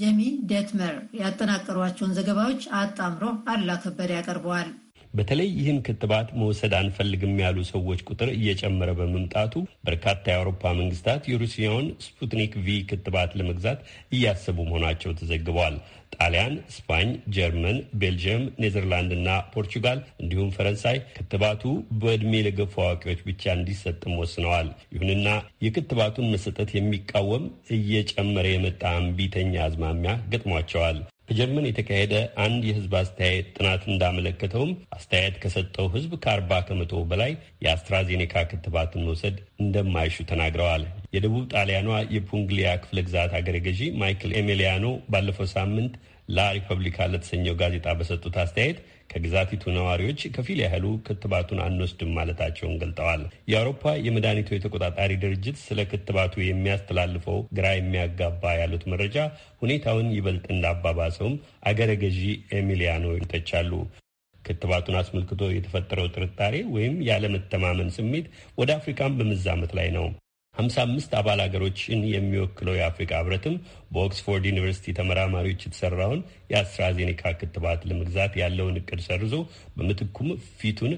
ጄሚ ዴትመር ያጠናቀሯቸውን ዘገባዎች አጣምሮ አላ ከበደ ያቀርበዋል። በተለይ ይህን ክትባት መውሰድ አንፈልግም ያሉ ሰዎች ቁጥር እየጨመረ በመምጣቱ በርካታ የአውሮፓ መንግስታት የሩሲያውን ስፑትኒክ ቪ ክትባት ለመግዛት እያሰቡ መሆናቸው ተዘግበዋል። ጣሊያን፣ ስፓኝ፣ ጀርመን፣ ቤልጅየም፣ ኔዘርላንድ እና ፖርቹጋል እንዲሁም ፈረንሳይ ክትባቱ በዕድሜ ለገፉ አዋቂዎች ብቻ እንዲሰጥም ወስነዋል። ይሁንና የክትባቱን መሰጠት የሚቃወም እየጨመረ የመጣ እምቢተኛ አዝማሚያ ገጥሟቸዋል። ከጀርመን የተካሄደ አንድ የህዝብ አስተያየት ጥናት እንዳመለከተውም አስተያየት ከሰጠው ህዝብ ከአርባ ከመቶ በላይ የአስትራዜኔካ ክትባትን መውሰድ እንደማይሹ ተናግረዋል። የደቡብ ጣሊያኗ የፑንግሊያ ክፍለ ግዛት አገረ ገዢ ማይክል ኤሜሊያኖ ባለፈው ሳምንት ላ ሪፐብሊካ ለተሰኘው ጋዜጣ በሰጡት አስተያየት ከግዛቲቱ ነዋሪዎች ከፊል ያህሉ ክትባቱን አንወስድም ማለታቸውን ገልጠዋል። የአውሮፓ የመድኃኒቱ የተቆጣጣሪ ድርጅት ስለ ክትባቱ የሚያስተላልፈው ግራ የሚያጋባ ያሉት መረጃ ሁኔታውን ይበልጥ እንዳባባሰውም አገረ ገዢ ኤሚሊያኖ ይተቻሉ። ክትባቱን አስመልክቶ የተፈጠረው ጥርጣሬ ወይም ያለመተማመን ስሜት ወደ አፍሪካም በመዛመት ላይ ነው። ሀምሳ አምስት አባል ሀገሮችን የሚወክለው የአፍሪካ ህብረትም በኦክስፎርድ ዩኒቨርሲቲ ተመራማሪዎች የተሰራውን የአስትራዜኔካ ክትባት ለመግዛት ያለውን እቅድ ሰርዞ በምትኩም ፊቱን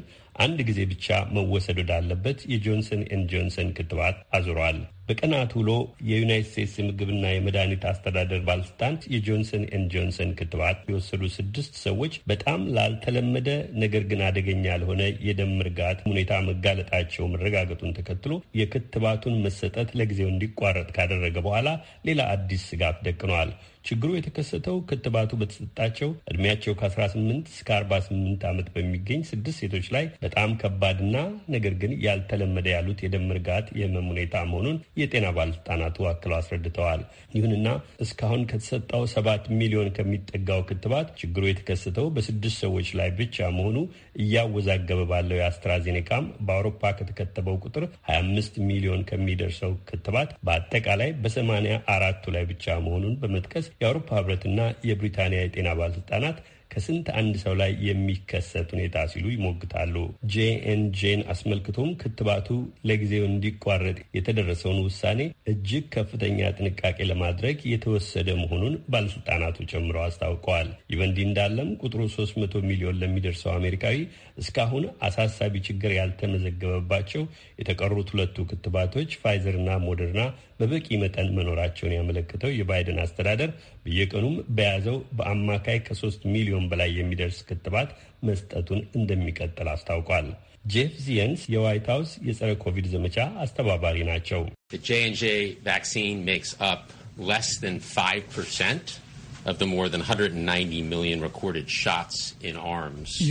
አንድ ጊዜ ብቻ መወሰድ ወዳለበት የጆንሰን ኤንድ ጆንሰን ክትባት አዙረዋል። በቀናት ውሎ የዩናይት ስቴትስ የምግብና የመድኃኒት አስተዳደር ባለስልጣን የጆንሰን ኤንድ ጆንሰን ክትባት የወሰዱ ስድስት ሰዎች በጣም ላልተለመደ ነገር ግን አደገኛ ለሆነ የደም እርጋት ሁኔታ መጋለጣቸው መረጋገጡን ተከትሎ የክትባቱን መሰጠት ለጊዜው እንዲቋረጥ ካደረገ በኋላ ሌላ አዲስ ስጋት ደቅነዋል። ችግሩ የተከሰተው ክትባቱ በተሰጣቸው እድሜያቸው ከ18 እስከ 48 ዓመት በሚገኝ ስድስት ሴቶች ላይ በጣም ከባድና ነገር ግን ያልተለመደ ያሉት የደም እርጋት የህመም ሁኔታ መሆኑን የጤና ባለስልጣናቱ አክለው አስረድተዋል። ይሁንና እስካሁን ከተሰጠው ሰባት ሚሊዮን ከሚጠጋው ክትባት ችግሩ የተከሰተው በስድስት ሰዎች ላይ ብቻ መሆኑ እያወዛገበ ባለው የአስትራዜኔካም በአውሮፓ ከተከተበው ቁጥር 25 ሚሊዮን ከሚደርሰው ክትባት በአጠቃላይ በሰማንያ አራቱ ላይ ብቻ መሆኑን በመጥቀስ የአውሮፓ ህብረትና የብሪታንያ የጤና ባለስልጣናት ከስንት አንድ ሰው ላይ የሚከሰት ሁኔታ ሲሉ ይሞግታሉ። ጄኤን ጄን አስመልክቶም ክትባቱ ለጊዜው እንዲቋረጥ የተደረሰውን ውሳኔ እጅግ ከፍተኛ ጥንቃቄ ለማድረግ የተወሰደ መሆኑን ባለስልጣናቱ ጨምረው አስታውቀዋል። ይበንዲ እንዳለም ቁጥሩ 300 ሚሊዮን ለሚደርሰው አሜሪካዊ እስካሁን አሳሳቢ ችግር ያልተመዘገበባቸው የተቀሩት ሁለቱ ክትባቶች ፋይዘር እና ሞደርና በበቂ መጠን መኖራቸውን ያመለክተው የባይደን አስተዳደር በየቀኑም በያዘው በአማካይ ከሶስት ሚሊዮን በላይ የሚደርስ ክትባት መስጠቱን እንደሚቀጥል አስታውቋል። ጄፍ ዚየንስ የዋይት ሀውስ የጸረ ኮቪድ ዘመቻ አስተባባሪ ናቸው። ጄንጄ ቫክሲን ሜክስ አፕ ለስ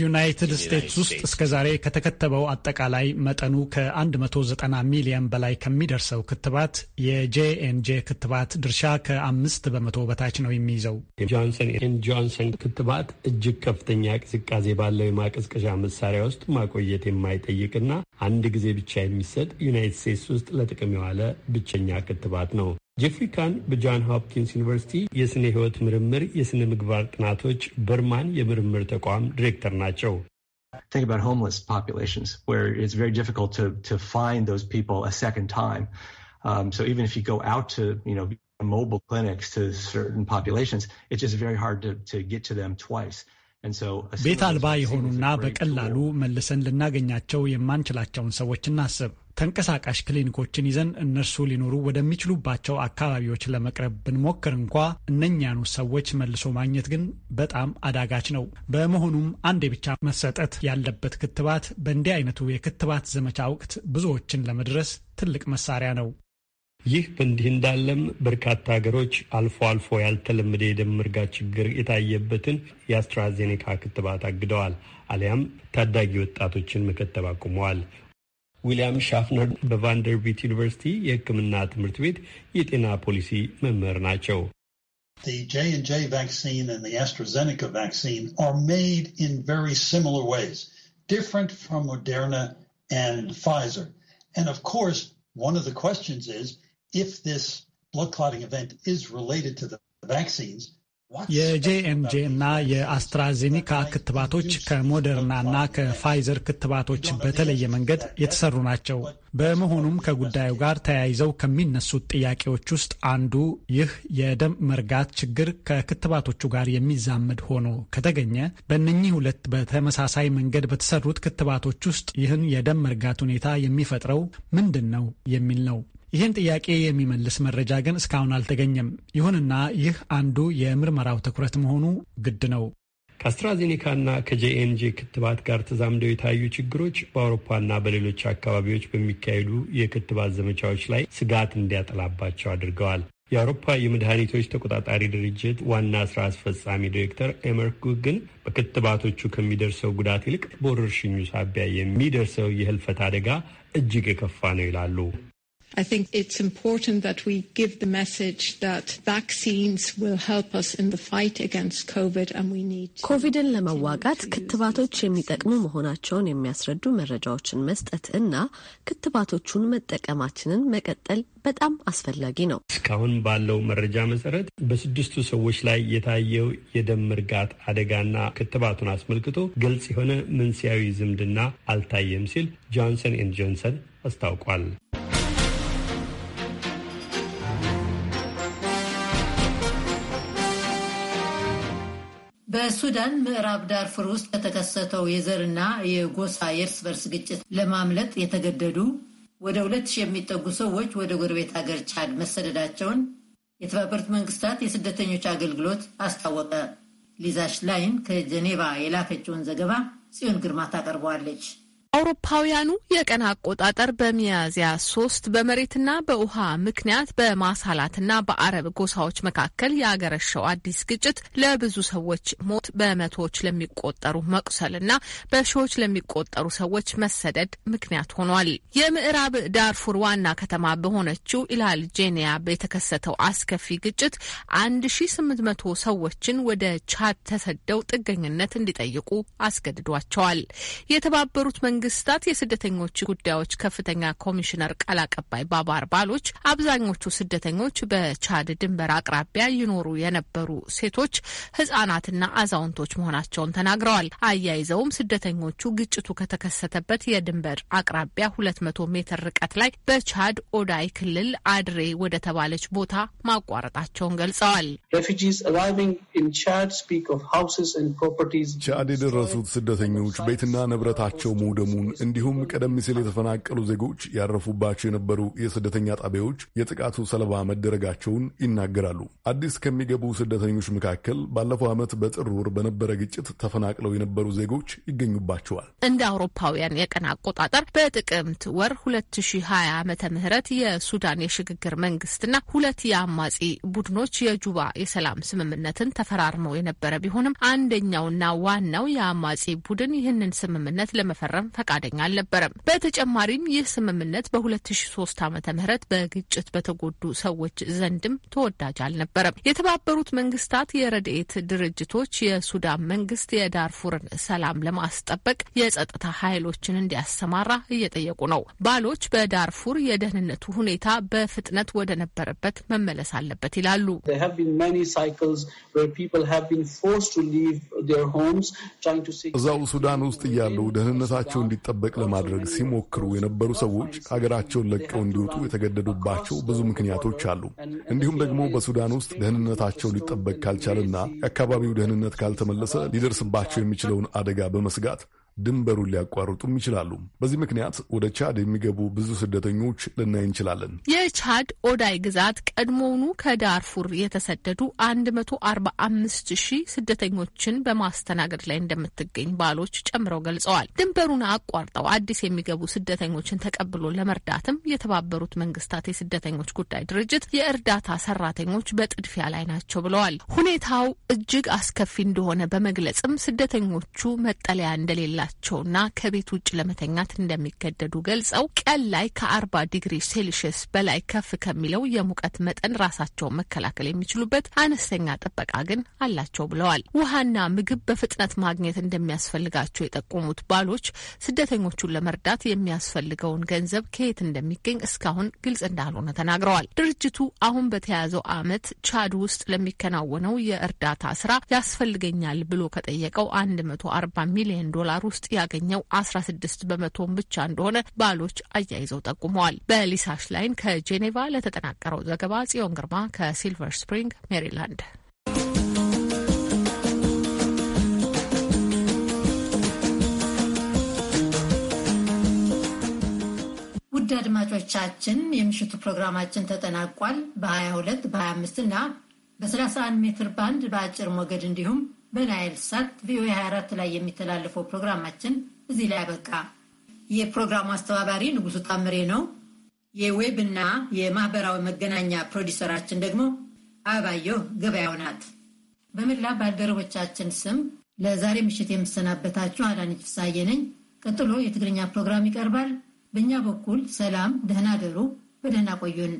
ዩናይትድ ስቴትስ ውስጥ እስከዛሬ ከተከተበው አጠቃላይ መጠኑ ከ190 ሚሊዮን በላይ ከሚደርሰው ክትባት የጄኤንጄ ክትባት ድርሻ ከአምስት በመቶ በታች ነው የሚይዘው። የጆንሰን ኤንድ ጆንሰን ክትባት እጅግ ከፍተኛ ቅዝቃዜ ባለው የማቀዝቀዣ መሳሪያ ውስጥ ማቆየት የማይጠይቅና አንድ ጊዜ ብቻ የሚሰጥ ዩናይትድ ስቴትስ ውስጥ ለጥቅም የዋለ ብቸኛ ክትባት ነው። ጄፍሪ ካን ሆፕኪንስ ዩኒቨርሲቲ ምርምር ምግባር ጥናቶች በርማን የምርምር ተቋም ዲሬክተር ናቸው። Think about homeless populations where it's very difficult to, to find those people a second time. Um, so even if you go out to, you know, mobile clinics to certain populations, it's just very hard to, to get to them twice. ቤት አልባ የሆኑና በቀላሉ መልሰን ልናገኛቸው የማንችላቸውን ሰዎች እናስብ። ተንቀሳቃሽ ክሊኒኮችን ይዘን እነርሱ ሊኖሩ ወደሚችሉባቸው አካባቢዎች ለመቅረብ ብንሞክር እንኳ እነኛኑ ሰዎች መልሶ ማግኘት ግን በጣም አዳጋች ነው። በመሆኑም አንዴ ብቻ መሰጠት ያለበት ክትባት በእንዲህ አይነቱ የክትባት ዘመቻ ወቅት ብዙዎችን ለመድረስ ትልቅ መሳሪያ ነው። ይህ በእንዲህ እንዳለም በርካታ ሀገሮች አልፎ አልፎ ያልተለመደ የደም እርጋት ችግር የታየበትን የአስትራዜኔካ ክትባት አግደዋል አሊያም ታዳጊ ወጣቶችን መከተብ አቁመዋል። ዊልያም ሻፍነር በቫንደርቢት ዩኒቨርሲቲ የሕክምና ትምህርት ቤት የጤና ፖሊሲ መምህር ናቸው። The J&J vaccine and the AstraZeneca vaccine are one of the questions is, የጄኤንጄ እና የአስትራዜኒካ ክትባቶች ከሞደርና እና ከፋይዘር ክትባቶች በተለየ መንገድ የተሰሩ ናቸው። በመሆኑም ከጉዳዩ ጋር ተያይዘው ከሚነሱት ጥያቄዎች ውስጥ አንዱ ይህ የደም መርጋት ችግር ከክትባቶቹ ጋር የሚዛመድ ሆኖ ከተገኘ በእነኚህ ሁለት በተመሳሳይ መንገድ በተሰሩት ክትባቶች ውስጥ ይህን የደም መርጋት ሁኔታ የሚፈጥረው ምንድን ነው የሚል ነው። ይህን ጥያቄ የሚመልስ መረጃ ግን እስካሁን አልተገኘም። ይሁንና ይህ አንዱ የምርመራው ትኩረት መሆኑ ግድ ነው። ከአስትራዜኔካና ከጄኤንጂ ክትባት ጋር ተዛምደው የታዩ ችግሮች በአውሮፓና በሌሎች አካባቢዎች በሚካሄዱ የክትባት ዘመቻዎች ላይ ስጋት እንዲያጠላባቸው አድርገዋል። የአውሮፓ የመድኃኒቶች ተቆጣጣሪ ድርጅት ዋና ስራ አስፈጻሚ ዲሬክተር ኤመርኩ ግን በክትባቶቹ ከሚደርሰው ጉዳት ይልቅ በወረርሽኙ ሳቢያ የሚደርሰው የህልፈት አደጋ እጅግ የከፋ ነው ይላሉ። I think it's important that we give the message that vaccines will help us in the fight against COVID and we need to ኮቪድን ለመዋጋት ክትባቶች የሚጠቅሙ መሆናቸውን የሚያስረዱ መረጃዎችን መስጠት እና ክትባቶቹን መጠቀማችንን መቀጠል በጣም አስፈላጊ ነው። እስካሁን ባለው መረጃ መሰረት በስድስቱ ሰዎች ላይ የታየው የደም እርጋት አደጋና ክትባቱን አስመልክቶ ግልጽ የሆነ መንስኤያዊ ዝምድና አልታየም ሲል ጆንሰን ኤንድ ጆንሰን አስታውቋል። በሱዳን ምዕራብ ዳርፉር ውስጥ ከተከሰተው የዘርና የጎሳ የእርስ በርስ ግጭት ለማምለጥ የተገደዱ ወደ ሁለት ሺህ የሚጠጉ ሰዎች ወደ ጎረቤት ሀገር ቻድ መሰደዳቸውን የተባበሩት መንግስታት የስደተኞች አገልግሎት አስታወቀ። ሊዛ ሽላይን ከጀኔቫ የላከችውን ዘገባ ጽዮን ግርማ ታቀርበዋለች። አውሮፓውያኑ የቀን አቆጣጠር በሚያዝያ ሶስት በመሬትና በውሃ ምክንያት በማሳላትና በአረብ ጎሳዎች መካከል ያገረሸው አዲስ ግጭት ለብዙ ሰዎች ሞት፣ በመቶዎች ለሚቆጠሩ መቁሰልና በሺዎች ለሚቆጠሩ ሰዎች መሰደድ ምክንያት ሆኗል። የምዕራብ ዳርፉር ዋና ከተማ በሆነችው ኢላል ጄኒያ የተከሰተው አስከፊ ግጭት ሺ መቶ ሰዎችን ወደ ቻድ ተሰደው ጥገኝነት እንዲጠይቁ አስገድዷቸዋል። የተባበሩት መንግስታት መንግስታት የስደተኞች ጉዳዮች ከፍተኛ ኮሚሽነር ቃል አቀባይ ባባር ባሎች አብዛኞቹ ስደተኞች በቻድ ድንበር አቅራቢያ ይኖሩ የነበሩ ሴቶች፣ ህጻናትና አዛውንቶች መሆናቸውን ተናግረዋል። አያይዘውም ስደተኞቹ ግጭቱ ከተከሰተበት የድንበር አቅራቢያ ሁለት መቶ ሜትር ርቀት ላይ በቻድ ኦዳይ ክልል አድሬ ወደ ተባለች ቦታ ማቋረጣቸውን ገልጸዋል። ቻድ የደረሱት ስደተኞች ቤትና ንብረታቸው መውደሙ መቆሙን እንዲሁም ቀደም ሲል የተፈናቀሉ ዜጎች ያረፉባቸው የነበሩ የስደተኛ ጣቢያዎች የጥቃቱ ሰለባ መደረጋቸውን ይናገራሉ። አዲስ ከሚገቡ ስደተኞች መካከል ባለፈው ዓመት በጥር ወር በነበረ ግጭት ተፈናቅለው የነበሩ ዜጎች ይገኙባቸዋል። እንደ አውሮፓውያን የቀን አቆጣጠር በጥቅምት ወር 2020 ዓ ምህረት የሱዳን የሽግግር መንግስትና ሁለት የአማጺ ቡድኖች የጁባ የሰላም ስምምነትን ተፈራርመው የነበረ ቢሆንም አንደኛውና ዋናው የአማጺ ቡድን ይህንን ስምምነት ለመፈረም ፈቃደኛ አልነበረም። በተጨማሪም ይህ ስምምነት በ2003 ም በግጭት በተጎዱ ሰዎች ዘንድም ተወዳጅ አልነበረም። የተባበሩት መንግስታት የረድኤት ድርጅቶች የሱዳን መንግስት የዳርፉርን ሰላም ለማስጠበቅ የጸጥታ ኃይሎችን እንዲያሰማራ እየጠየቁ ነው። ባሎች በዳርፉር የደህንነቱ ሁኔታ በፍጥነት ወደ ነበረበት መመለስ አለበት ይላሉ። እዛው ሱዳን ውስጥ እያለው ደህንነታቸው እንዲጠበቅ ለማድረግ ሲሞክሩ የነበሩ ሰዎች ሀገራቸውን ለቀው እንዲወጡ የተገደዱባቸው ብዙ ምክንያቶች አሉ። እንዲሁም ደግሞ በሱዳን ውስጥ ደህንነታቸው ሊጠበቅ ካልቻለና የአካባቢው ደህንነት ካልተመለሰ ሊደርስባቸው የሚችለውን አደጋ በመስጋት ድንበሩን ሊያቋርጡም ይችላሉ። በዚህ ምክንያት ወደ ቻድ የሚገቡ ብዙ ስደተኞች ልናይ እንችላለን። የቻድ ኦዳይ ግዛት ቀድሞውኑ ከዳርፉር የተሰደዱ 145 ሺህ ስደተኞችን በማስተናገድ ላይ እንደምትገኝ ባሎች ጨምረው ገልጸዋል። ድንበሩን አቋርጠው አዲስ የሚገቡ ስደተኞችን ተቀብሎ ለመርዳትም የተባበሩት መንግስታት የስደተኞች ጉዳይ ድርጅት የእርዳታ ሰራተኞች በጥድፊያ ላይ ናቸው ብለዋል። ሁኔታው እጅግ አስከፊ እንደሆነ በመግለጽም ስደተኞቹ መጠለያ እንደሌላ እንደሌላቸውና ከቤት ውጭ ለመተኛት እንደሚገደዱ ገልጸው ቀን ላይ ከአርባ ዲግሪ ሴልሽስ በላይ ከፍ ከሚለው የሙቀት መጠን ራሳቸውን መከላከል የሚችሉበት አነስተኛ ጥበቃ ግን አላቸው ብለዋል። ውሃና ምግብ በፍጥነት ማግኘት እንደሚያስፈልጋቸው የጠቆሙት ባሎች ስደተኞቹን ለመርዳት የሚያስፈልገውን ገንዘብ ከየት እንደሚገኝ እስካሁን ግልጽ እንዳልሆነ ተናግረዋል። ድርጅቱ አሁን በተያያዘው ዓመት ቻድ ውስጥ ለሚከናወነው የእርዳታ ስራ ያስፈልገኛል ብሎ ከጠየቀው 140 ሚሊዮን ዶላር ውስጥ ያገኘው 16 በመቶን ብቻ እንደሆነ ባሎች አያይዘው ጠቁመዋል። በሊሳ ሽላይን ከጄኔቫ ለተጠናቀረው ዘገባ ጽዮን ግርማ ከሲልቨር ስፕሪንግ ሜሪላንድ። ውድ አድማጮቻችን የምሽቱ ፕሮግራማችን ተጠናቋል። በ22 በ25 እና በ31 ሜትር ባንድ በአጭር ሞገድ እንዲሁም በናይል ሳት ቪኦኤ 24 ላይ የሚተላለፈው ፕሮግራማችን እዚህ ላይ አበቃ። የፕሮግራሙ አስተባባሪ ንጉሱ ታምሬ ነው። የዌብ እና የማህበራዊ መገናኛ ፕሮዲሰራችን ደግሞ አበባየሁ ገበያው ናት። በመላ ባልደረቦቻችን ስም ለዛሬ ምሽት የምሰናበታችሁ አዳነች ፍስሐዬ ነኝ። ቀጥሎ የትግርኛ ፕሮግራም ይቀርባል። በእኛ በኩል ሰላም፣ ደህና ደሩ፣ በደህና ቆዩን።